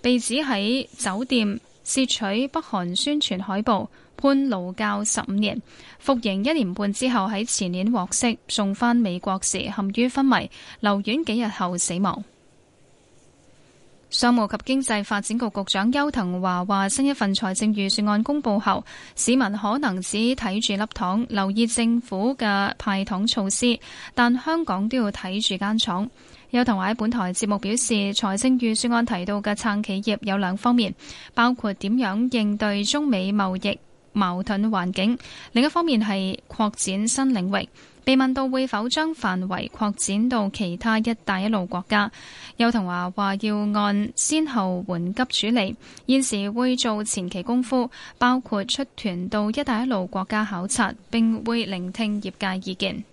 被指喺酒店竊取北韓宣傳海報，判勞教十五年，服刑一年半之後喺前年獲釋，送返美國時陷於昏迷，留院幾日後死亡。商務及經濟發展局局長邱騰華話，新一份財政預算案公佈後，市民可能只睇住粒糖，留意政府嘅派糖措施，但香港都要睇住間廠。邱騰華喺本台節目表示，財政預算案提到嘅撐企業有兩方面，包括點樣應對中美貿易矛盾環境，另一方面係擴展新領域。被問到會否將範圍擴展到其他「一帶一路」國家，邱騰華話要按先後緩急處理，現時會做前期功夫，包括出團到「一帶一路」國家考察，並會聆聽業界意見。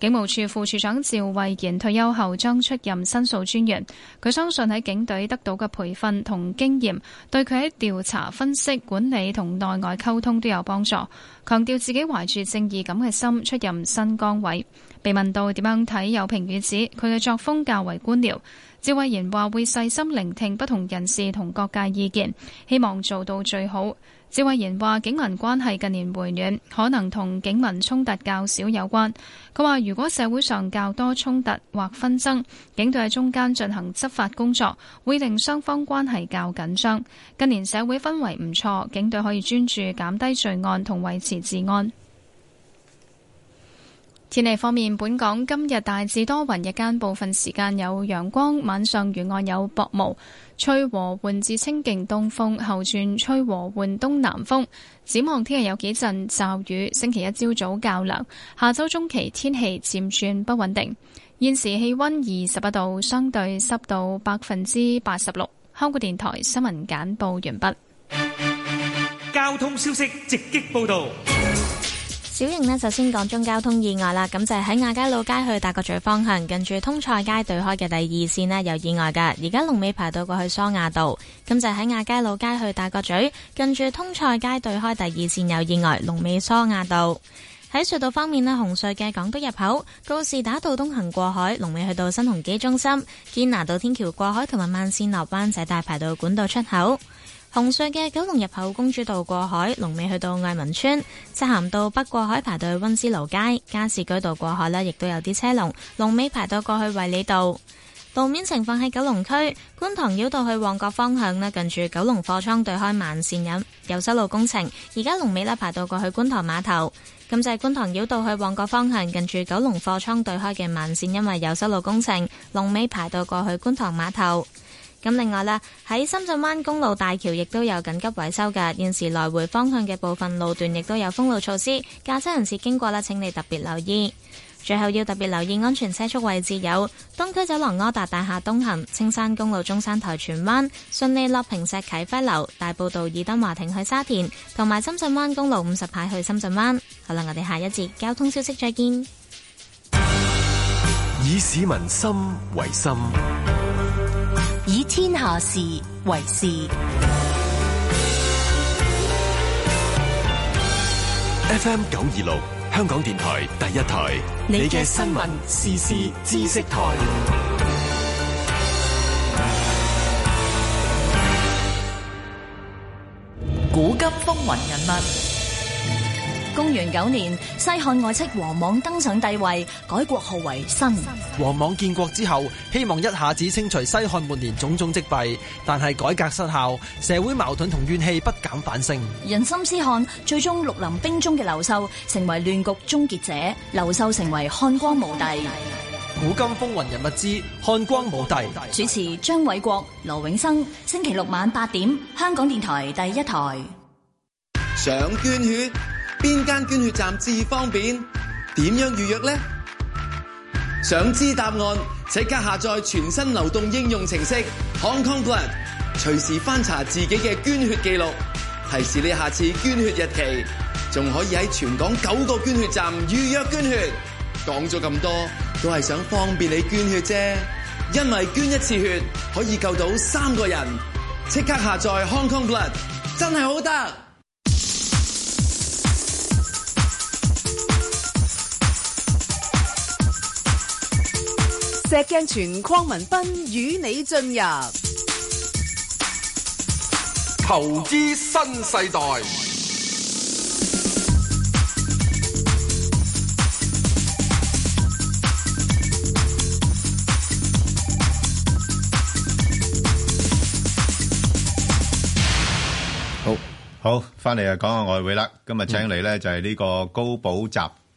警務處副處長趙慧賢退休後將出任申訴專員，佢相信喺警隊得到嘅培訓同經驗，對佢喺調查、分析、管理同內外溝通都有幫助。強調自己懷住正義感嘅心出任新崗位。被問到點樣睇有評語指佢嘅作風較為官僚，趙慧賢話會細心聆聽不同人士同各界意見，希望做到最好。趙慧賢話警民關係近年回暖，可能同警民衝突較少有關。佢話如果社會上較多衝突或紛爭，警隊喺中間進行執法工作，會令雙方關係較緊張。近年社會氛圍唔錯，警隊可以專注減低罪案同維持治安。天氣方面，本港今日大致多雲，日間部分時間有陽光，晚上沿岸有薄霧，吹和緩至清勁東風，後轉吹和緩東南風。展望聽日有幾陣驟雨，星期一朝早早較涼。下周中期天氣漸轉不穩定。現時氣温二十八度，相對濕度百分之八十六。香港電台新聞簡報完畢。交通消息直擊報道。小型呢，就先講中交通意外啦，咁就係喺亞皆老街去大角咀方向，近住通菜街對開嘅第二線呢，有意外噶而家龍尾排到過去沙亞道，咁就喺亞皆老街去大角咀，近住通菜街對開第二線有意外，龍尾沙亞道。喺隧道方面呢，紅隧嘅港島入口，告士打道東行過海，龍尾去到新鴻基中心，堅拿道天橋過海同埋慢線落灣仔大排到管道出口。紅隧嘅九龍入口公主道過海，龍尾去到愛民村，漆咸道北過海排到溫思勞街、加士居道過海呢，亦都有啲車龍，龍尾排到過去衛理道。路面情況喺九龍區，觀塘繞道去旺角方向呢，近住九龍貨倉對開慢線因有修路工程，而家龍尾呢，排到過去觀塘碼頭。咁就係觀塘繞道去旺角方向，近住九龍貨倉對開嘅慢線，因為有修路工程，龍尾排到過去觀塘碼頭。咁另外啦，喺深圳灣公路大橋亦都有緊急維修㗎，現時來回方向嘅部分路段亦都有封路措施，駕車人士經過啦，請你特別留意。最後要特別留意安全車速位置有：東區走廊柯達大廈東行、青山公路中山台荃灣、順利落坪石啟輝樓、大埔道爾登華庭去沙田，同埋深圳灣公路五十排去深圳灣。好啦，我哋下一節交通消息再見。以市民心為心。天下事為事，FM 九二六香港電台第一台，你嘅新聞時事知識台，古今風雲人物。公元九年，西漢外戚王莽登上帝位，改國號為新。王莽建國之後，希望一下子清除西漢末年種種積弊，但係改革失效，社會矛盾同怨氣不減反升。人心思漢，最終綠林兵中嘅劉秀成為亂局終結者。劉秀成為漢光武帝。古今風雲人物之漢光武帝。主持張偉國、羅永生，星期六晚八點，香港電台第一台。想捐血？邊間捐血站至方便？點樣預約呢？想知答案，即刻下載全新流動應用程式 Hong Kong Blood，隨時翻查自己嘅捐血記錄，提示你下次捐血日期，仲可以喺全港九個捐血站預約捐血。講咗咁多，都係想方便你捐血啫。因為捐一次血可以救到三個人，即刻下載 Hong Kong Blood，真係好得。石鏡泉鄺民彬與你進入投資新世代。好好翻嚟啊，講下外匯啦。今日請嚟咧就係呢個高寶集。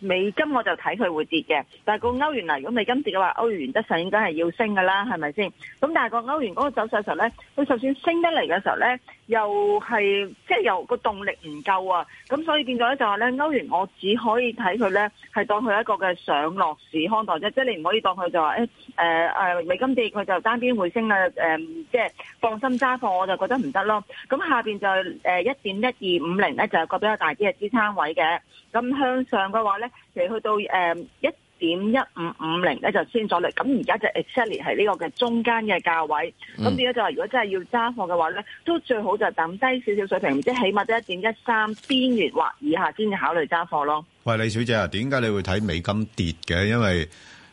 美金我就睇佢會跌嘅，但係個歐元嚟，如果美金跌嘅話，歐元得上應該係要升㗎啦，係咪先？咁但係個歐元嗰個走勢時候咧，佢就算升得嚟嘅時候咧，又係即係又個動力唔夠啊，咁所以變咗咧就話咧歐元我只可以睇佢咧係當佢一個嘅上落市看待啫，即係你唔可以當佢就話誒誒誒美金跌佢就單邊會升啊，即係放心揸貨我就覺得唔得咯。咁下面就誒一點一二五零咧就係個比較大啲嘅支撐位嘅，咁向上嘅話咧。其實去到誒一點一五五零咧就先阻力。咁而家就 exactly 係呢個嘅中間嘅價位，咁變咗就話如果真係要揸貨嘅話咧，都最好就等低少少水平，即係起碼都一點一三邊緣或以下先至考慮揸貨咯。喂，李小姐啊，點解你會睇美金跌嘅？因為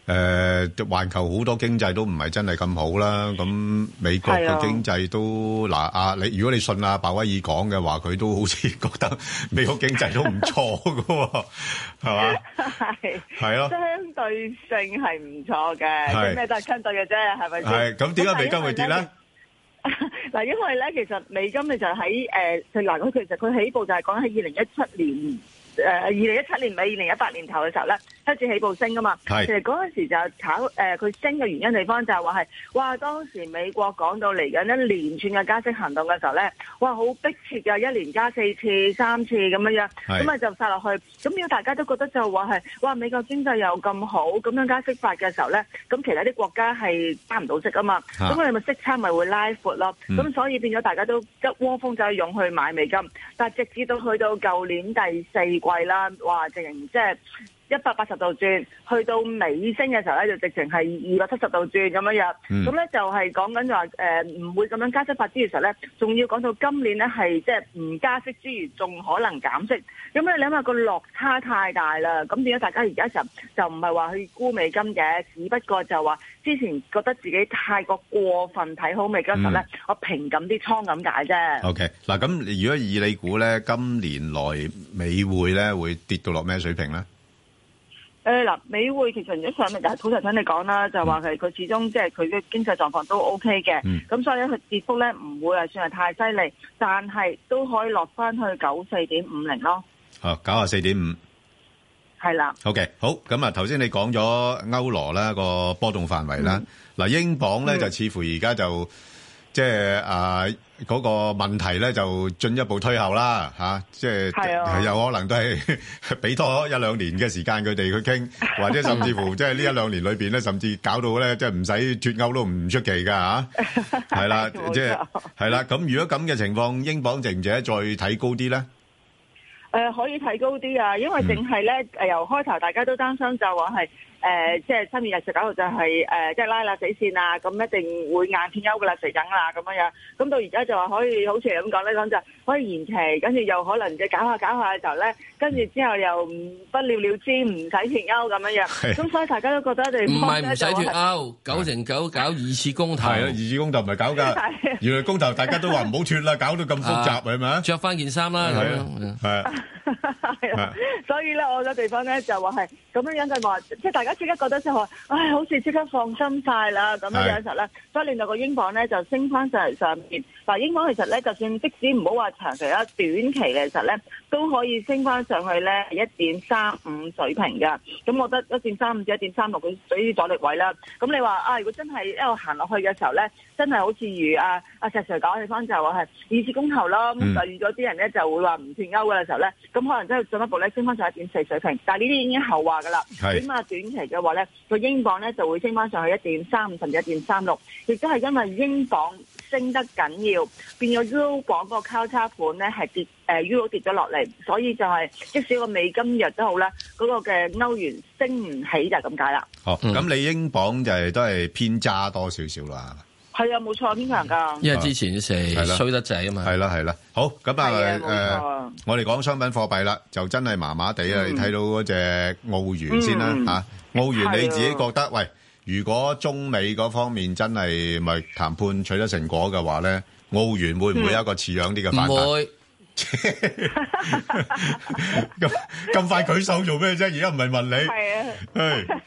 誒，環球好多經濟都唔係真係咁好啦。咁美國嘅經濟都嗱，阿你如果你信阿鮑威爾講嘅話，佢都好似覺得美國經濟都唔錯㗎喎，係嘛？係係咯，相對性係唔錯嘅，啲咩都係相對嘅啫，係咪？係咁點解美金會跌咧？嗱，因為咧，其實美金其實喺誒，佢嗱，佢其實佢起步就係講喺二零一七年。誒二零一七年尾、二零一八年頭嘅時候咧，開始起步升噶嘛。其實嗰陣時就炒誒，佢、呃、升嘅原因地方就係話係，哇！當時美國講到嚟緊一連串嘅加息行動嘅時候咧，哇！好迫切嘅，一連加四次、三次咁樣樣，咁啊就殺落去。咁如果大家都覺得就話係，哇！美國經濟又咁好，咁樣加息法嘅時候咧，咁其他啲國家係加唔到息啊嘛。咁佢哋咪息差咪會拉闊咯。咁、嗯、所以變咗大家都一窩蜂就係湧去買美金。但係直至去到去到舊年第四。貴啦，話直情即係。一百八十度轉，去到尾聲嘅時候咧，就直情係二百七十度轉咁樣樣。咁、嗯、咧就係講緊話誒，唔會咁樣加息發之嘅時候咧，仲要講到今年咧係即係唔加息之餘，仲可能減息。咁你諗下個落差太大啦。咁點解大家而家就就唔係話去沽美金嘅？只不過就話之前覺得自己太過過分睇好美金，咁、嗯、咧我平減啲倉咁解啫。OK 嗱，咁如果以你估咧，今年來美匯咧會跌到落咩水平咧？誒嗱，美匯其實上面就係主持人你講啦，就話係佢始終即係佢嘅經濟狀況都 O K 嘅，咁、嗯、所以佢跌幅咧唔會係算係太犀利，但係都可以落翻去九四點五零咯。嚇，九啊四點五，係啦。O K，好咁啊，頭先、okay，你講咗歐羅啦個波動範圍啦，嗱、嗯，英鎊咧就似乎而家就。即係啊，嗰個問題咧就進一步推後啦，嚇！即係有可能都係俾多一兩年嘅時間佢哋去傾，或者甚至乎即係呢一兩年裏邊咧，甚至搞到咧即係唔使脫歐都唔出奇噶嚇，係啦，即係係啦。咁如果咁嘅情況，英鎊剩者再睇高啲咧？誒，可以睇高啲啊，因為淨係咧，由開頭大家都擔心就話係。誒，即係七月十九號就係誒，即係拉下死線啊！咁一定會硬脫歐噶啦，死梗啦咁樣樣。咁到而家就話可以好似係咁講咧，講就可以延期，跟住又可能就搞下搞下嘅時候咧，跟住之後又不了了之，唔使脫歐咁樣樣。咁所以大家都覺得你唔係唔使脫歐，九成九搞二次公投。係啊，二次公投唔係搞㗎，原來公投大家都話唔好脫啦，搞到咁複雜係咪啊？著翻件衫啦，係啊，係啊，所以咧，好多地方咧就話係咁樣樣嘅話，即係大。而家即刻覺得即係話，唉，好似即刻放心晒啦咁樣，嗰陣時咧，所以令到個英鎊咧就升翻上嚟上邊。嗱，英鎊其實咧，就算即使唔好話長期啦，短期嘅時候咧，都可以升翻上去咧，一點三五水平㗎。咁我覺得一點三五至一點三六佢屬於阻力位啦。咁你話啊，如果真係一路行落去嘅時候咧，真係好似如啊石 Sir 講嘅地方就係二次公投囉、嗯。就如咗啲人咧就會話唔斷勾嘅時候咧，咁可能真係進一步咧升翻上一點四水平。但呢啲已經後話噶啦，起碼短期嘅話咧，個英鎊咧就會升翻上去一點三五甚至一點三六，亦都係因為英鎊。升得緊要，變咗 Euro 港嗰交叉盤咧係跌，誒、呃、Euro 跌咗落嚟，所以就係即使個美金弱都好啦，嗰、那個嘅歐元升唔起就咁解啦。好、哦，咁、嗯、你英鎊就係、是、都係偏渣多少少啦。係啊，冇錯，偏強噶。因為之前啲，市衰得滯啊嘛。係啦、啊，係啦、啊啊啊。好，咁啊，啊、呃、我哋講商品貨幣啦，就真係麻麻地啊！你睇到嗰隻澳元先啦嚇，澳元你自己覺得、啊、喂？如果中美嗰方面真係咪談判取得成果嘅話咧，澳元會唔會有一個似樣啲嘅反彈？嗯咁 快舉手做咩啫？而家唔係問你。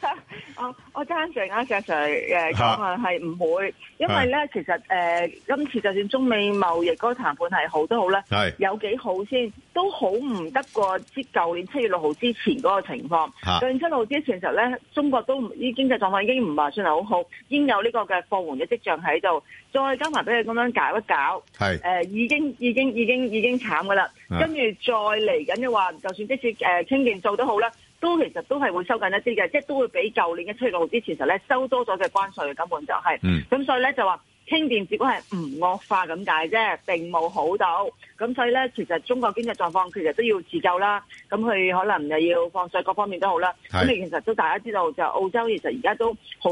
我我贊成啊，石 Sir 誒，個係唔會。因為呢，其實誒、呃，今次就算中美貿易嗰個談判係好都好呢，有幾好先都好唔得過之。舊年七月六號之前嗰個情況，舊年七月六號之前其實咧，中國都依經濟狀況已經唔話算係好好，已經有呢個嘅放緩嘅跡象喺度。再加埋俾佢咁樣搞一搞，呃、已經已經已經已經慘㗎啦。跟、啊、住再嚟緊嘅話，就算即使誒傾掂數做得好啦，都其實都係會收緊一啲嘅，即係都會比舊年嘅七月六號之前實咧收多咗嘅關稅，根本就係、是。咁、嗯、所以咧就話。清電只不過係唔惡化咁解啫，並冇好到，咁所以咧，其實中國經濟狀況其實都要自救啦。咁佢可能又要放水，各方面都好啦。咁你其實都大家知道，就澳洲其實而家都好，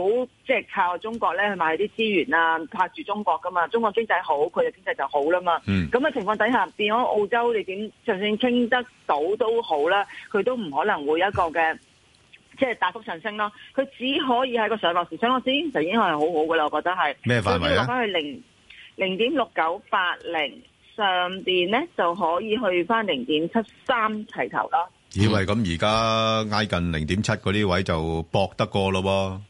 即係靠中國咧去買啲資源啊，靠住中國噶嘛。中國經濟好，佢嘅經濟就好啦嘛。咁嘅情況底下，變咗澳洲你點，就算傾得到都好啦，佢都唔可能會一個嘅。即係大幅上升咯，佢只可以喺個上落市，上落市就已經係好好嘅啦。我覺得係。咩範圍？再落翻去零零點六九八零上邊咧，就可以去翻零點七三齊頭啦。以為咁而家挨近零點七嗰啲位就搏得過咯喎？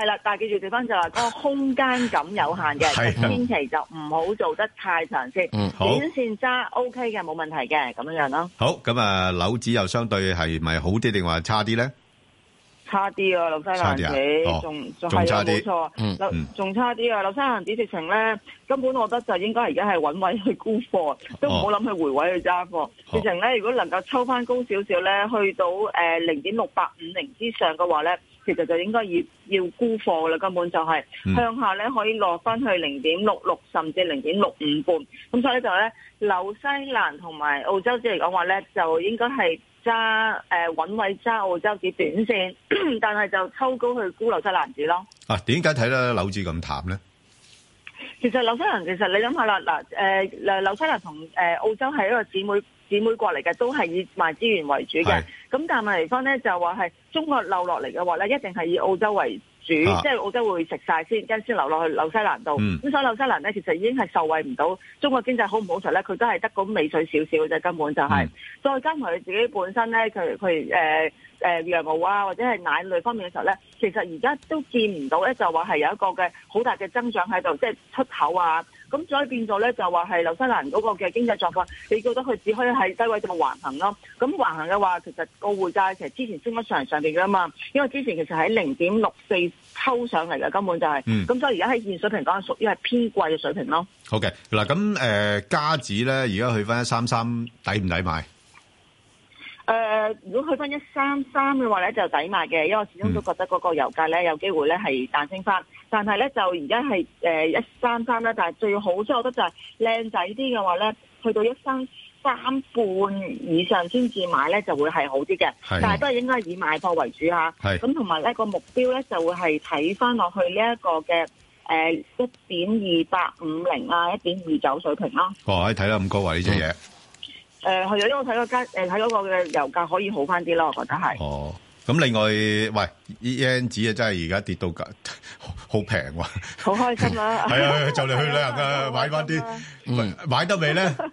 係啦，但係記住地方就話個空間感有限嘅，千祈就唔好做得太長線。短線揸 OK 嘅，冇問題嘅，咁樣樣咯。好咁啊，樓指又相對係咪好啲定話差啲咧？差啲啊，紐西蘭紙仲仲係啊，冇錯，仲、嗯嗯、差啲啊，紐西蘭紙直情咧根本，我覺得就應該而家係揾位去沽貨，哦、都唔好諗去回位去揸貨。直情咧，如果能夠抽翻高少少咧，去到誒零點六八五零之上嘅話咧，其實就應該要要沽貨啦，根本就係、是嗯、向下咧可以落翻去零點六六甚至零點六五半。咁所以就咧紐西蘭同埋澳洲紙嚟講話咧，就應該係。揸誒穩位揸澳洲嘅短線，但係就抽高去沽紐西蘭紙咯。啊，點解睇得紐紙咁淡咧？其實紐西蘭其實你諗下啦，嗱誒誒紐西蘭同、呃、澳洲係一個姊妹姊妹國嚟嘅，都係以賣資源為主嘅。咁但係嚟講咧，就話係中國漏落嚟嘅話咧，一定係以澳洲為主。啊、即係澳洲會食晒先，跟住先流落去紐西蘭度。咁、嗯、所以紐西蘭咧，其實已經係受惠唔到中國經濟好唔好上咧，佢都係得個尾水少少嘅，啫，根本就係、是嗯。再加埋佢自己本身咧，佢佢誒誒羊毛啊，或者係奶類方面嘅時候咧，其實而家都見唔到咧，就話係有一個嘅好大嘅增長喺度，即係出口啊。咁所以變咗咧，就話係紐西蘭嗰個嘅經濟狀況，你覺得佢只可以喺低位咁樣橫行咯？咁橫行嘅話，其實個匯價其實之前升得上上邊㗎嘛，因為之前其實喺零點六四抽上嚟嘅根本就係、是，咁、嗯、所以而家喺現水平講屬於係偏貴嘅水平咯。好、okay. 嘅，嗱咁誒，加紙咧，而家去翻一三三，抵唔抵買？誒、呃，如果去翻一三三嘅話咧，就抵買嘅，因為我始終都覺得嗰個油價咧、嗯、有機會咧係彈升翻，但係咧就而家係誒一三三咧，但係最好、就是，即係我覺得就係靚仔啲嘅話咧，去到一三三半以上先至買咧就會係好啲嘅，但係都係應該以買貨為主嚇。咁同埋咧，個目標咧就會係睇翻落去呢一個嘅誒一點二八五零啊，一點二九水平囉。哦，可以睇啦，咁高位呢隻嘢。嗯誒、呃，係啊，因為我睇嗰家，誒、呃，睇嗰個嘅油價可以好翻啲咯，我覺得係。哦，咁另外，喂，E N 子的現在啊，真係而家跌到好平喎。好開心啊！係、嗯嗯、啊，就嚟、啊、去旅行啊，買翻啲、嗯，買得未咧？誒、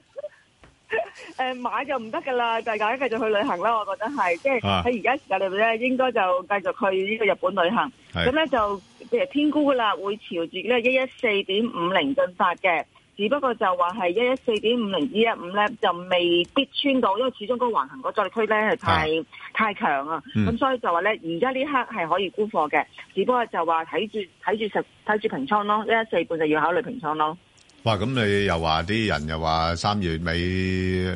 呃，買就唔得噶啦，就係大家繼續去旅行啦。我覺得係，即係喺而家時間裏邊咧，應該就繼續去呢個日本旅行。咁咧就譬如天估啦，會朝住呢一一四點五零進發嘅。只不過就話係一一四點五零至一一五咧，就未必穿到，因為始終個橫行個阻力區咧係太太強啊，咁、嗯、所以就話咧，而家呢刻係可以沽貨嘅，只不過就話睇住睇住十睇住平倉咯，一一四半就要考慮平倉咯。哇！咁你又話啲人又話三月尾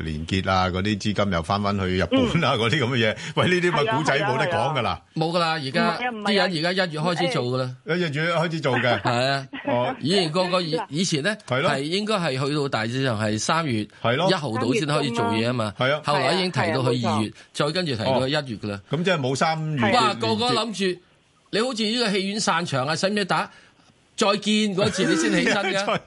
連結啊，嗰啲資金又翻翻去日本啊，嗰啲咁嘅嘢。喂，呢啲咪古仔冇得講噶啦，冇噶啦！而家啲人而家一月開始做噶啦，一、哎、月月開始做嘅。係啊、哦，以前個個以以前咧係應該係去到大致上係三月，係咯一號到先開始做嘢啊嘛。係啊，後來已經提到去二月，啊啊、月，再跟住提到去一月噶啦。咁、啊、即係冇三月。哇！個個諗住你好似呢個戲院散場啊，使唔使打？再見嗰次你先起身嘅，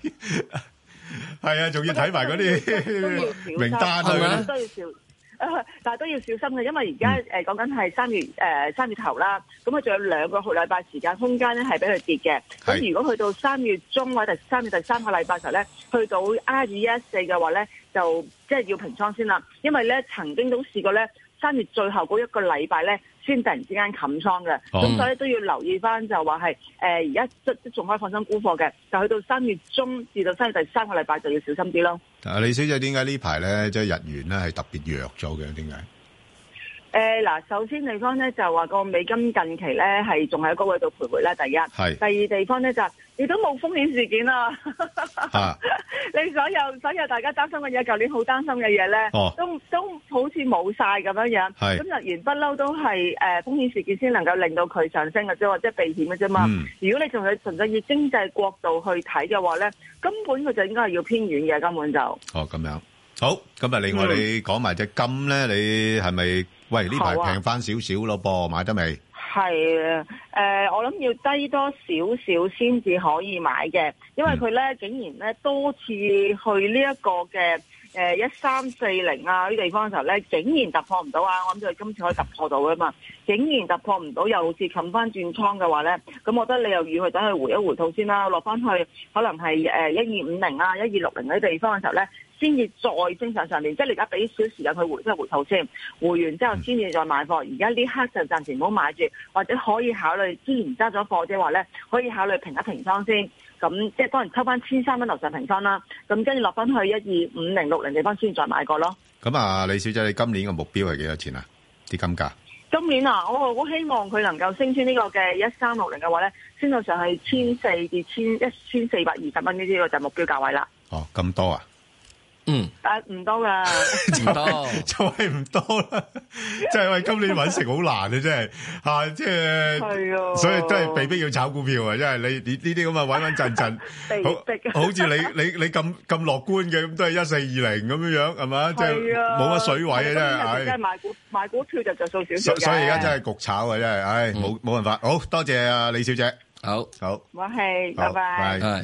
係 啊，仲要睇埋嗰啲名單啊，都要小，但係都要小心嘅，因為而家誒講緊係三月誒三月頭啦，咁啊仲有兩個好禮拜時間空間咧係俾佢跌嘅，咁如果去到三月中或者三月第三個禮拜嘅時候咧，去到 R 二一四嘅話咧，就即係要平倉先啦，因為咧曾經都試過咧。三月最後嗰一個禮拜咧，先突然之間冚倉嘅，咁、oh. 所以都要留意翻，就話係誒而家都仲可以放心沽貨嘅，就去到三月中至到三月第三個禮拜就要小心啲咯。阿李小姐點解呢排咧即係日元咧係特別弱咗嘅？點解？誒，嗱，首先地方咧就話個美金近期咧係仲喺高位度徘徊咧。第一，係第二地方咧就，亦都冇風險事件啦。你所有所有大家擔心嘅嘢，舊年好擔心嘅嘢咧，都都好似冇晒咁樣樣。係咁日圓不嬲都係誒風險事件先能夠令到佢上升嘅啫，或者避險嘅啫嘛。如果你仲係純粹以經濟角度去睇嘅話咧，根本佢就應該係要偏軟嘅，根本就。哦，咁樣好。咁啊，另外你講埋隻金咧，你係咪？喂，呢排平翻少少咯噃，買得未？係誒、呃，我諗要低多少少先至可以買嘅，因為佢咧竟然咧多次去呢一個嘅誒一三四零啊啲、這個、地方嘅時候咧，竟然突破唔到啊！我諗佢今次可以突破到啊嘛，竟然突破唔到，又似冚翻轉倉嘅話咧，咁我覺得你又要去等佢回一回吐先啦，落翻去可能係誒一二五零啊一二六零啲地方嘅時候咧。先至再升上上面，即係你而家俾少時間佢回，即係回頭先，回完之後先至再買貨。而家呢刻就暫時唔好買住，或者可以考慮之前揸咗貨，即係話咧，可以考慮平一平倉先。咁即係當然抽翻千三蚊樓上平倉啦。咁跟住落翻去一二五零六零地方先再買過咯。咁啊，李小姐，你今年嘅目標係幾多錢啊？啲金價今年啊，我好希望佢能夠升穿呢個嘅一三六零嘅話咧，升到上去千四至千一千四百二十蚊呢啲，就係目標價位啦。哦，咁多啊！嗯，但唔多㗎，唔多，就係唔多啦，即係今年搵食好難啊，真係吓，即係，係啊，所以真係被逼要炒股票啊，因為你你呢啲咁啊穩穩陣陣，好逼，好似你你你咁咁樂觀嘅，咁都係一四二零咁樣樣，係咪啊？即係冇乜水位啊，真係，所以而家真係焗炒啊，真係，唉，冇冇辦法，好多謝啊李小姐，好好，我係，拜拜。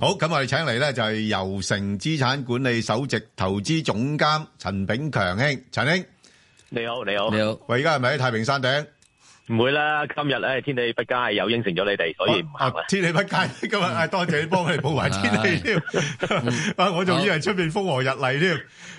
好，咁我哋請嚟，咧就係油城資產管理首席投資總監陳炳強兄，陳兄你好，你好，你好，喂，而家係咪喺太平山頂？唔會啦，今日咧天氣不佳，又應承咗你哋，所以唔行啊！天氣不佳，今日唉，多謝你幫佢補埋天氣，啊，我仲以為出面風和日麗添，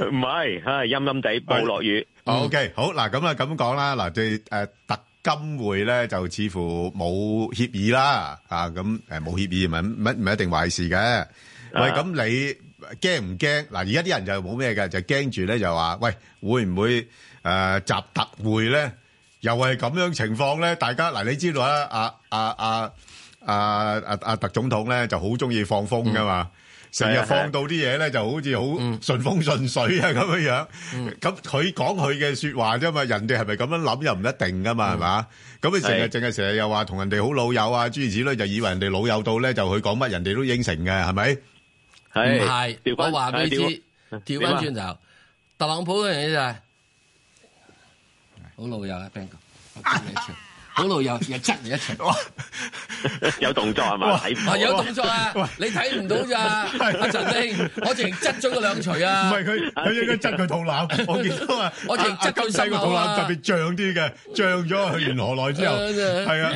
唔係，唉陰陰地冇落雨。O K，好嗱，咁啊咁講啦，嗱對誒特。今會咧就似乎冇協議啦，啊咁誒冇協議咪乜唔係一定壞事嘅。喂，咁你驚唔驚？嗱，而家啲人就冇咩嘅，就驚住咧就話，喂，會唔會誒習特會咧？又係咁樣情況咧？大家嗱，你知道啊，阿阿阿阿阿阿特總統咧就好中意放風噶嘛。成日放到啲嘢咧，就好似好順風順水啊咁樣樣。咁佢講佢嘅説話啫嘛，人哋係咪咁樣諗又唔一定噶嘛，係嘛？咁佢成日淨係成日又話同人哋好老友啊，諸如此類，就以為人哋老友到咧，就佢講乜人哋都應承嘅，係咪？係，唔係，我話俾你知，調翻轉頭，特朗普嗰啲就係好老友啦，Ben 哥。嗰度又又捽完一錘，哇！有動作係嘛？睇唔？啊有動作啊！你睇唔到咋？阿陳興，我仲捽咗佢兩錘啊！唔係佢，佢應該捽佢肚腩。我見到啊，我仲捽佢細個肚腩，特別脹啲嘅，脹咗去完河內之後，係啊。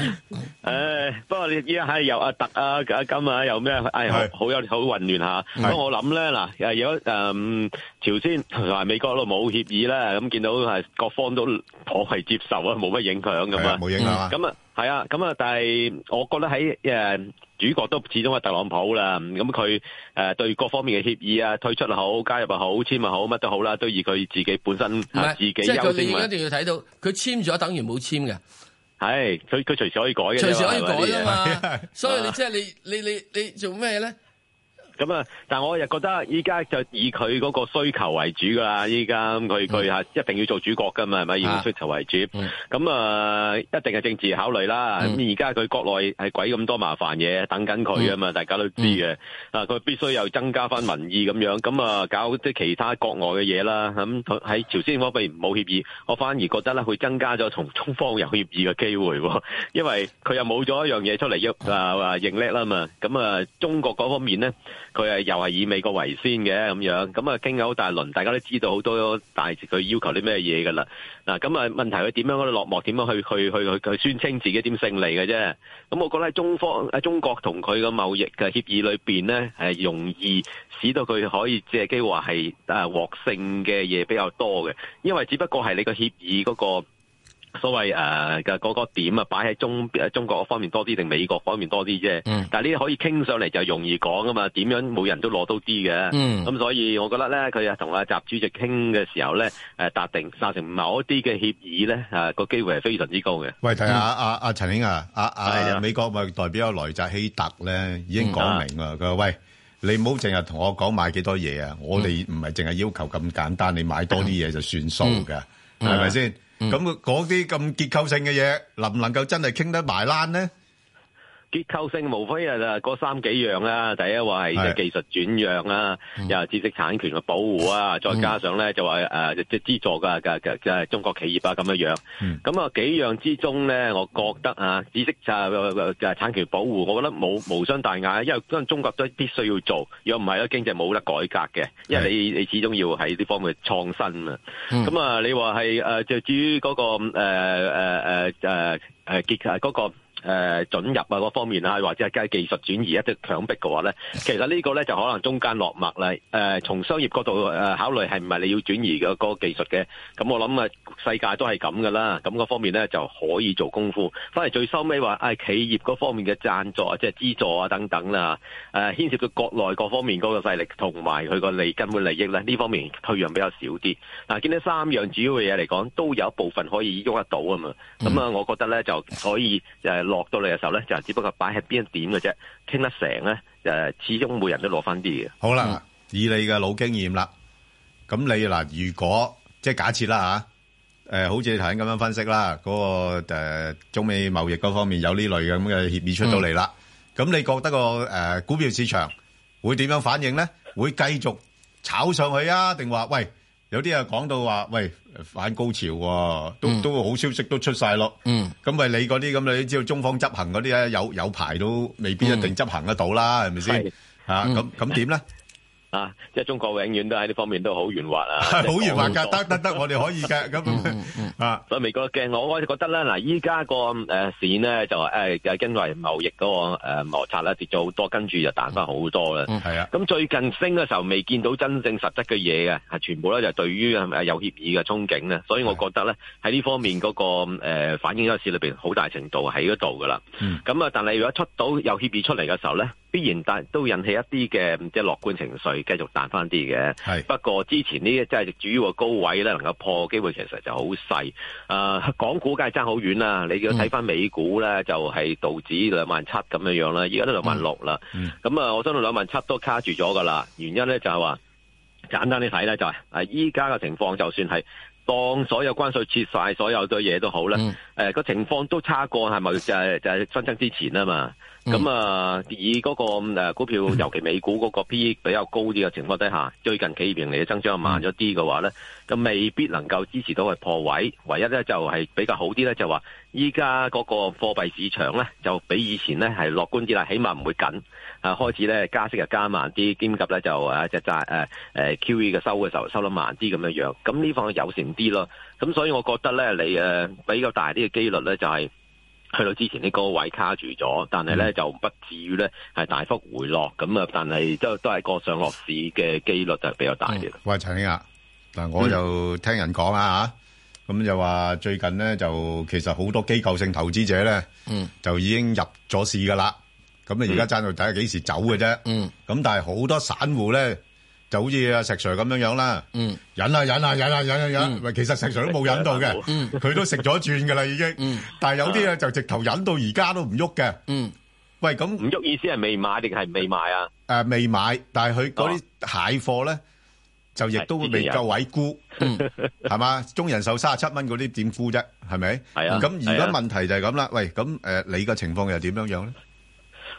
誒，不過你依家係又阿特啊、阿金啊，又咩？誒，好有好混亂吓。咁我諗咧，嗱，如果誒朝鮮同埋美國都冇協議啦。咁見到係各方都可係接受啊，冇乜影響咁啊，冇影。咁、嗯、啊，係啊，咁啊，但係我覺得喺誒、呃、主角都始終係特朗普啦。咁佢誒對各方面嘅協議啊，退出又好，加入又好，簽又好，乜都好啦，都以佢自己本身自己優先。即係佢哋一定要睇到，佢簽咗等於冇簽嘅。係，佢佢隨時可以改嘅，隨時可以改嘅嘛係咪？所以你即係 你你你你做咩咧？咁、嗯、啊！但我又覺得依家就以佢嗰個需求為主㗎啦。依家佢佢一定要做主角㗎嘛，係咪以需求為主？咁啊、嗯嗯，一定係政治考慮啦。咁而家佢國內係鬼咁多麻煩嘢等緊佢啊嘛，大家都知嘅、嗯。啊，佢必須又增加翻民意咁樣，咁、嗯、啊搞即係其他國外嘅嘢啦。咁、嗯、喺朝鮮方面冇協議，我反而覺得咧，佢增加咗同中方有協議嘅機會、啊，因為佢又冇咗一樣嘢出嚟喐、呃、認叻啦嘛。咁、嗯、啊、嗯，中國嗰方面咧。佢係又係以美國為先嘅咁樣，咁啊傾咗好大輪，大家都知道好多大佢要求啲咩嘢噶啦。嗱、啊，咁啊問題佢點樣嗰落幕？點樣去去去去，去宣稱自己點勝利嘅啫？咁、啊、我覺得喺中方啊中國同佢嘅貿易嘅協議裏邊咧，係容易使到佢可以借機會係啊獲勝嘅嘢比較多嘅，因為只不過係你個協議嗰、那個。所謂誒嘅個,個點點啊，擺喺中中國方面多啲定美國方面多啲啫、嗯。但係呢啲可以傾上嚟就容易講啊嘛。點樣每人都攞到啲嘅。咁、嗯嗯、所以我覺得咧，佢啊同阿習主席傾嘅時候咧，誒達定達成某啲嘅協議咧，誒、個機會係非常之高嘅。喂，睇下阿阿陳英啊，啊,啊,啊,啊美國咪代表阿萊澤希特咧，已經講明啦。佢、嗯、話：喂，你唔好淨係同我講買幾多嘢啊、嗯！我哋唔係淨係要求咁簡單，你買多啲嘢就算數嘅，係咪先？是咁嗰啲咁結構性嘅嘢，能唔能夠真係傾得埋欄咧？結構性無非啊嗰三幾樣啦，第一話係即係技術轉讓啦，又係知識產權嘅保護啊，再加上咧就話誒即係資助噶噶就係中國企業啊咁樣樣。咁啊幾樣之中咧，我覺得啊，知識啊嘅嘅產權保護，我覺得冇無傷大雅，因為因為中國都必須要做，如果唔係咧經濟冇得改革嘅，因為你你始終要喺呢方面創新啊。咁啊，你話係誒就至於嗰個誒誒誒誒誒結嗰個。誒，准入啊，嗰方面啊，或者係技術轉移一啲強迫嘅話咧，其實呢個咧就可能中間落墨啦。誒、呃，從商業角度誒考慮，係唔係你要轉移嘅嗰、那個技術嘅？咁我諗啊，世界都係咁噶啦。咁、那、嗰、個、方面咧就可以做功夫。反而最收尾話，誒、啊，企業嗰方面嘅贊助即係資助啊等等啦。誒、啊，牽涉到國內各方面嗰個勢力同埋佢個利根本利益咧，呢方面退讓比較少啲。但、啊、係見到三樣主要嘅嘢嚟講，都有一部分可以喐得到啊嘛。咁啊，我覺得咧就可以就係落到嚟嘅時候咧，就只不過擺喺邊一點嘅啫，傾得成咧，誒，始終每人都攞翻啲嘅。好啦，以你嘅老經驗啦，咁你嗱，如果即係假設啦吓，誒，好似你頭先咁樣分析啦，嗰個誒中美貿易嗰方面有呢類咁嘅協議出到嚟啦，咁你覺得個誒股票市場會點樣反應咧？會繼續炒上去啊？定話喂？有啲人講到話，喂，反高潮喎、啊，都、嗯、都好消息都出曬咯，咁咪你嗰啲咁，你知道中方執行嗰啲咧，有有排都未必一定執行得到啦，係咪先？嚇咁咁點呢？啊！即、就、係、是、中國永遠都喺呢方面都好圓滑啊，好 圓滑噶， 得得得，我哋可以噶咁啊！所以美國驚我，我哋覺得咧，嗱，依家個誒市咧就誒、呃、因為貿易嗰個誒摩擦咧跌咗好多，跟住就彈翻好多啦。係、嗯、啊！咁最近升嘅時候未見到真正實質嘅嘢嘅，係全部咧就是對於有協議嘅憧憬咧，所以我覺得咧喺呢在這方面嗰、那個誒、呃、反映喺市裏邊好大程度係喺度噶啦。咁、嗯、啊，但係如果出到有協議出嚟嘅時候咧？必然都引起一啲嘅，即係樂觀情緒，繼續彈翻啲嘅。係不過之前呢，即係主要個高位咧，能夠破嘅機會其實就好細。誒、呃，港股梗係爭好遠啦，你要睇翻美股咧，就係、是、道指兩萬七咁樣樣啦，而家都兩萬六啦。咁啊、嗯，我相信兩萬七都卡住咗噶啦。原因咧就係、是、話，簡單啲睇咧就係、是，依家嘅情況就算係當所有關稅切晒，所有對嘢都好啦。誒、嗯、個、呃、情況都差過係咪、就是？就係就係新增之前啊嘛。咁、嗯、啊、嗯，以嗰個股票，尤其美股嗰個 P /E、比較高啲嘅情況底下，最近企業盈利嘅增長慢咗啲嘅話咧，就未必能夠支持到佢破位。唯一咧就係比較好啲咧，就話依家嗰個貨幣市場咧就比以前咧係樂觀啲啦，起碼唔會緊啊。開始咧加息又加慢啲，兼及咧就啊只債誒 QE 嘅收嘅時候收得慢啲咁樣樣。咁呢方有成啲咯。咁所以我覺得咧，你誒比較大啲嘅機率咧就係、是。去到之前啲高位卡住咗，但係咧就不至於咧係大幅回落咁啊！但係都都係過上落市嘅機率就比較大啲、嗯。喂，陳兄啊，嗱，我就聽人講啊吓，咁、嗯啊、就話最近咧就其實好多機構性投資者咧，嗯，就已經入咗市噶啦，咁啊而家爭到底係幾時走嘅啫，嗯，咁、嗯、但係好多散戶咧。就好似阿石 Sir 咁樣樣啦，忍啊忍啊忍啊忍忍忍，唔係其實石 Sir 都冇忍到嘅，佢都食咗轉噶啦已經。但係有啲咧就直頭忍到而家都唔喐嘅。喂，咁唔喐意思係未買定係未賣啊？誒，未買，但係佢嗰啲蟹貨咧就亦都未夠位沽，係嘛？中人壽卅七蚊嗰啲點沽啫？係咪？係啊。咁而家問題就係咁啦。喂，咁誒，你嘅情況又點樣樣咧？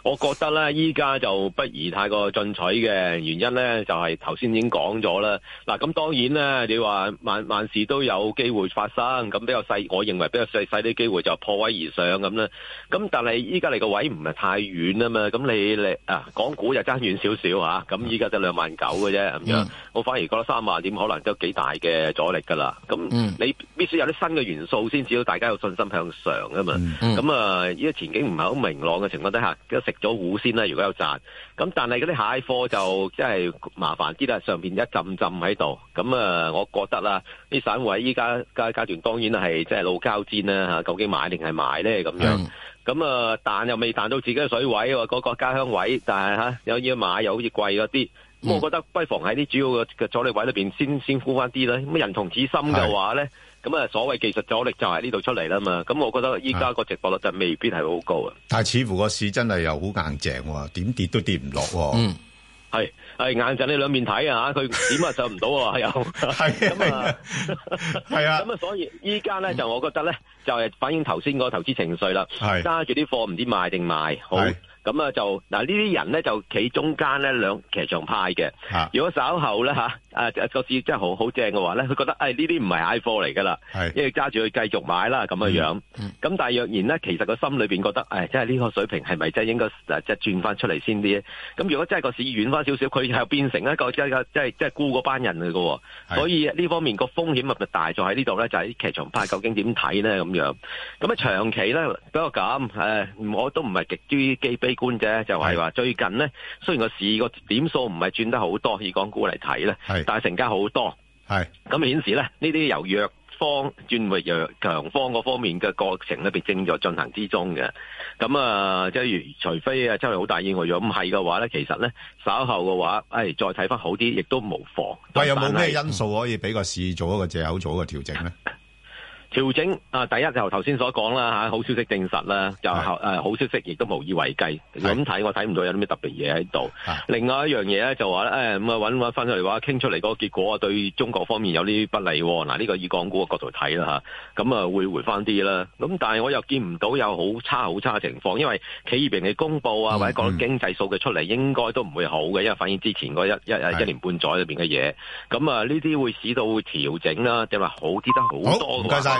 我覺得咧，依家，就不宜太過進取嘅原因咧，就係頭先已經講咗啦。嗱，咁當然啦，你話萬萬事都有機會發生，咁比較細，我認為比較細細啲機會就破位而上咁啦。咁但係依家嚟個位唔係太遠啊嘛，咁你嚟啊，港股又爭遠少少啊。咁依家得兩萬九嘅啫，咁、mm. 樣，我反而覺得三萬點可能都幾大嘅阻力噶啦。咁你必須有啲新嘅元素先，至要大家有信心向上啊嘛。咁、mm. 啊、mm.，依、呃、家前景唔係好明朗嘅情況底下。食咗糊先啦，如果有賺咁，但係嗰啲蟹貨就即係麻煩啲啦，上邊一浸浸喺度咁啊，我覺得啦，啲散戶依家階階段當然係即係老交煎啦吓，究竟買定係賣咧咁樣咁啊？彈、嗯、又未彈到自己嘅水位，個個家鄉位，但係吓又要買又好似貴咗啲，咁、嗯、我覺得不妨喺啲主要嘅嘅阻力位裏邊先先沽翻啲啦。咁人同此心嘅話咧。咁啊，所謂技術阻力就係呢度出嚟啦嘛。咁我覺得依家個值博率就未必係好高啊。但係似乎個市真係又好硬淨喎，點跌都跌唔落喎。嗯，係係硬淨你兩面睇啊嚇，佢點啊上唔到啊又係咁啊，係啊。咁啊，所以依家咧就我覺得咧就係反映頭先嗰個投資情緒啦。係揸住啲貨唔知賣定賣，好咁啊就嗱呢啲人咧就企中間咧兩騎牆派嘅。如果稍後咧嚇。啊！個市真係好好正嘅話咧，佢覺得誒呢啲唔係 I 貨嚟㗎啦，因為揸住佢繼續買啦咁嘅樣。咁、嗯嗯、但係若然咧，其實個心裏面覺得誒，即係呢個水平係咪真係應該即係轉翻出嚟先啲？咁如果真係個市軟翻少少，佢又變成一個即係即係沽嗰班人嚟㗎喎。所以呢方面個風險咪咪大咗喺呢度咧？就喺啲劇場派究竟點睇咧咁樣？咁啊長期咧，不過咁誒，我都唔係極於極悲觀啫，就係、是、話最近呢，雖然個市個點數唔係轉得好多，以港股嚟睇咧。但係成交好多，係咁顯示咧，呢啲由弱方轉為弱強方嗰方面嘅過程裏邊正在進行之中嘅。咁啊、呃，即係除非啊，真係好大意外咗，唔係嘅話咧，其實咧稍後嘅話，誒、哎、再睇翻好啲，亦都無妨。但係有冇咩因素可以俾個市做一個借口做一個調整咧？ 調整啊！第一就頭先所講啦吓，好消息證實啦，就誒好消息亦都無以為繼咁睇，我睇唔到有啲咩特別嘢喺度。另外一樣嘢咧就話咧誒咁啊揾揾翻出嚟話傾出嚟嗰個結果啊，對中國方面有啲不利。嗱、啊、呢、這個以港股嘅角度睇啦吓，咁啊會、啊、回翻啲啦。咁、啊、但係我又見唔到有好差好差嘅情況，因為企業邊嘅公布啊、嗯、或者個經濟數據出嚟、嗯，應該都唔會好嘅，因為反映之前嗰一一一年半載裏邊嘅嘢。咁啊呢啲會使到調整啦，即係話好啲得好多。好唔該晒。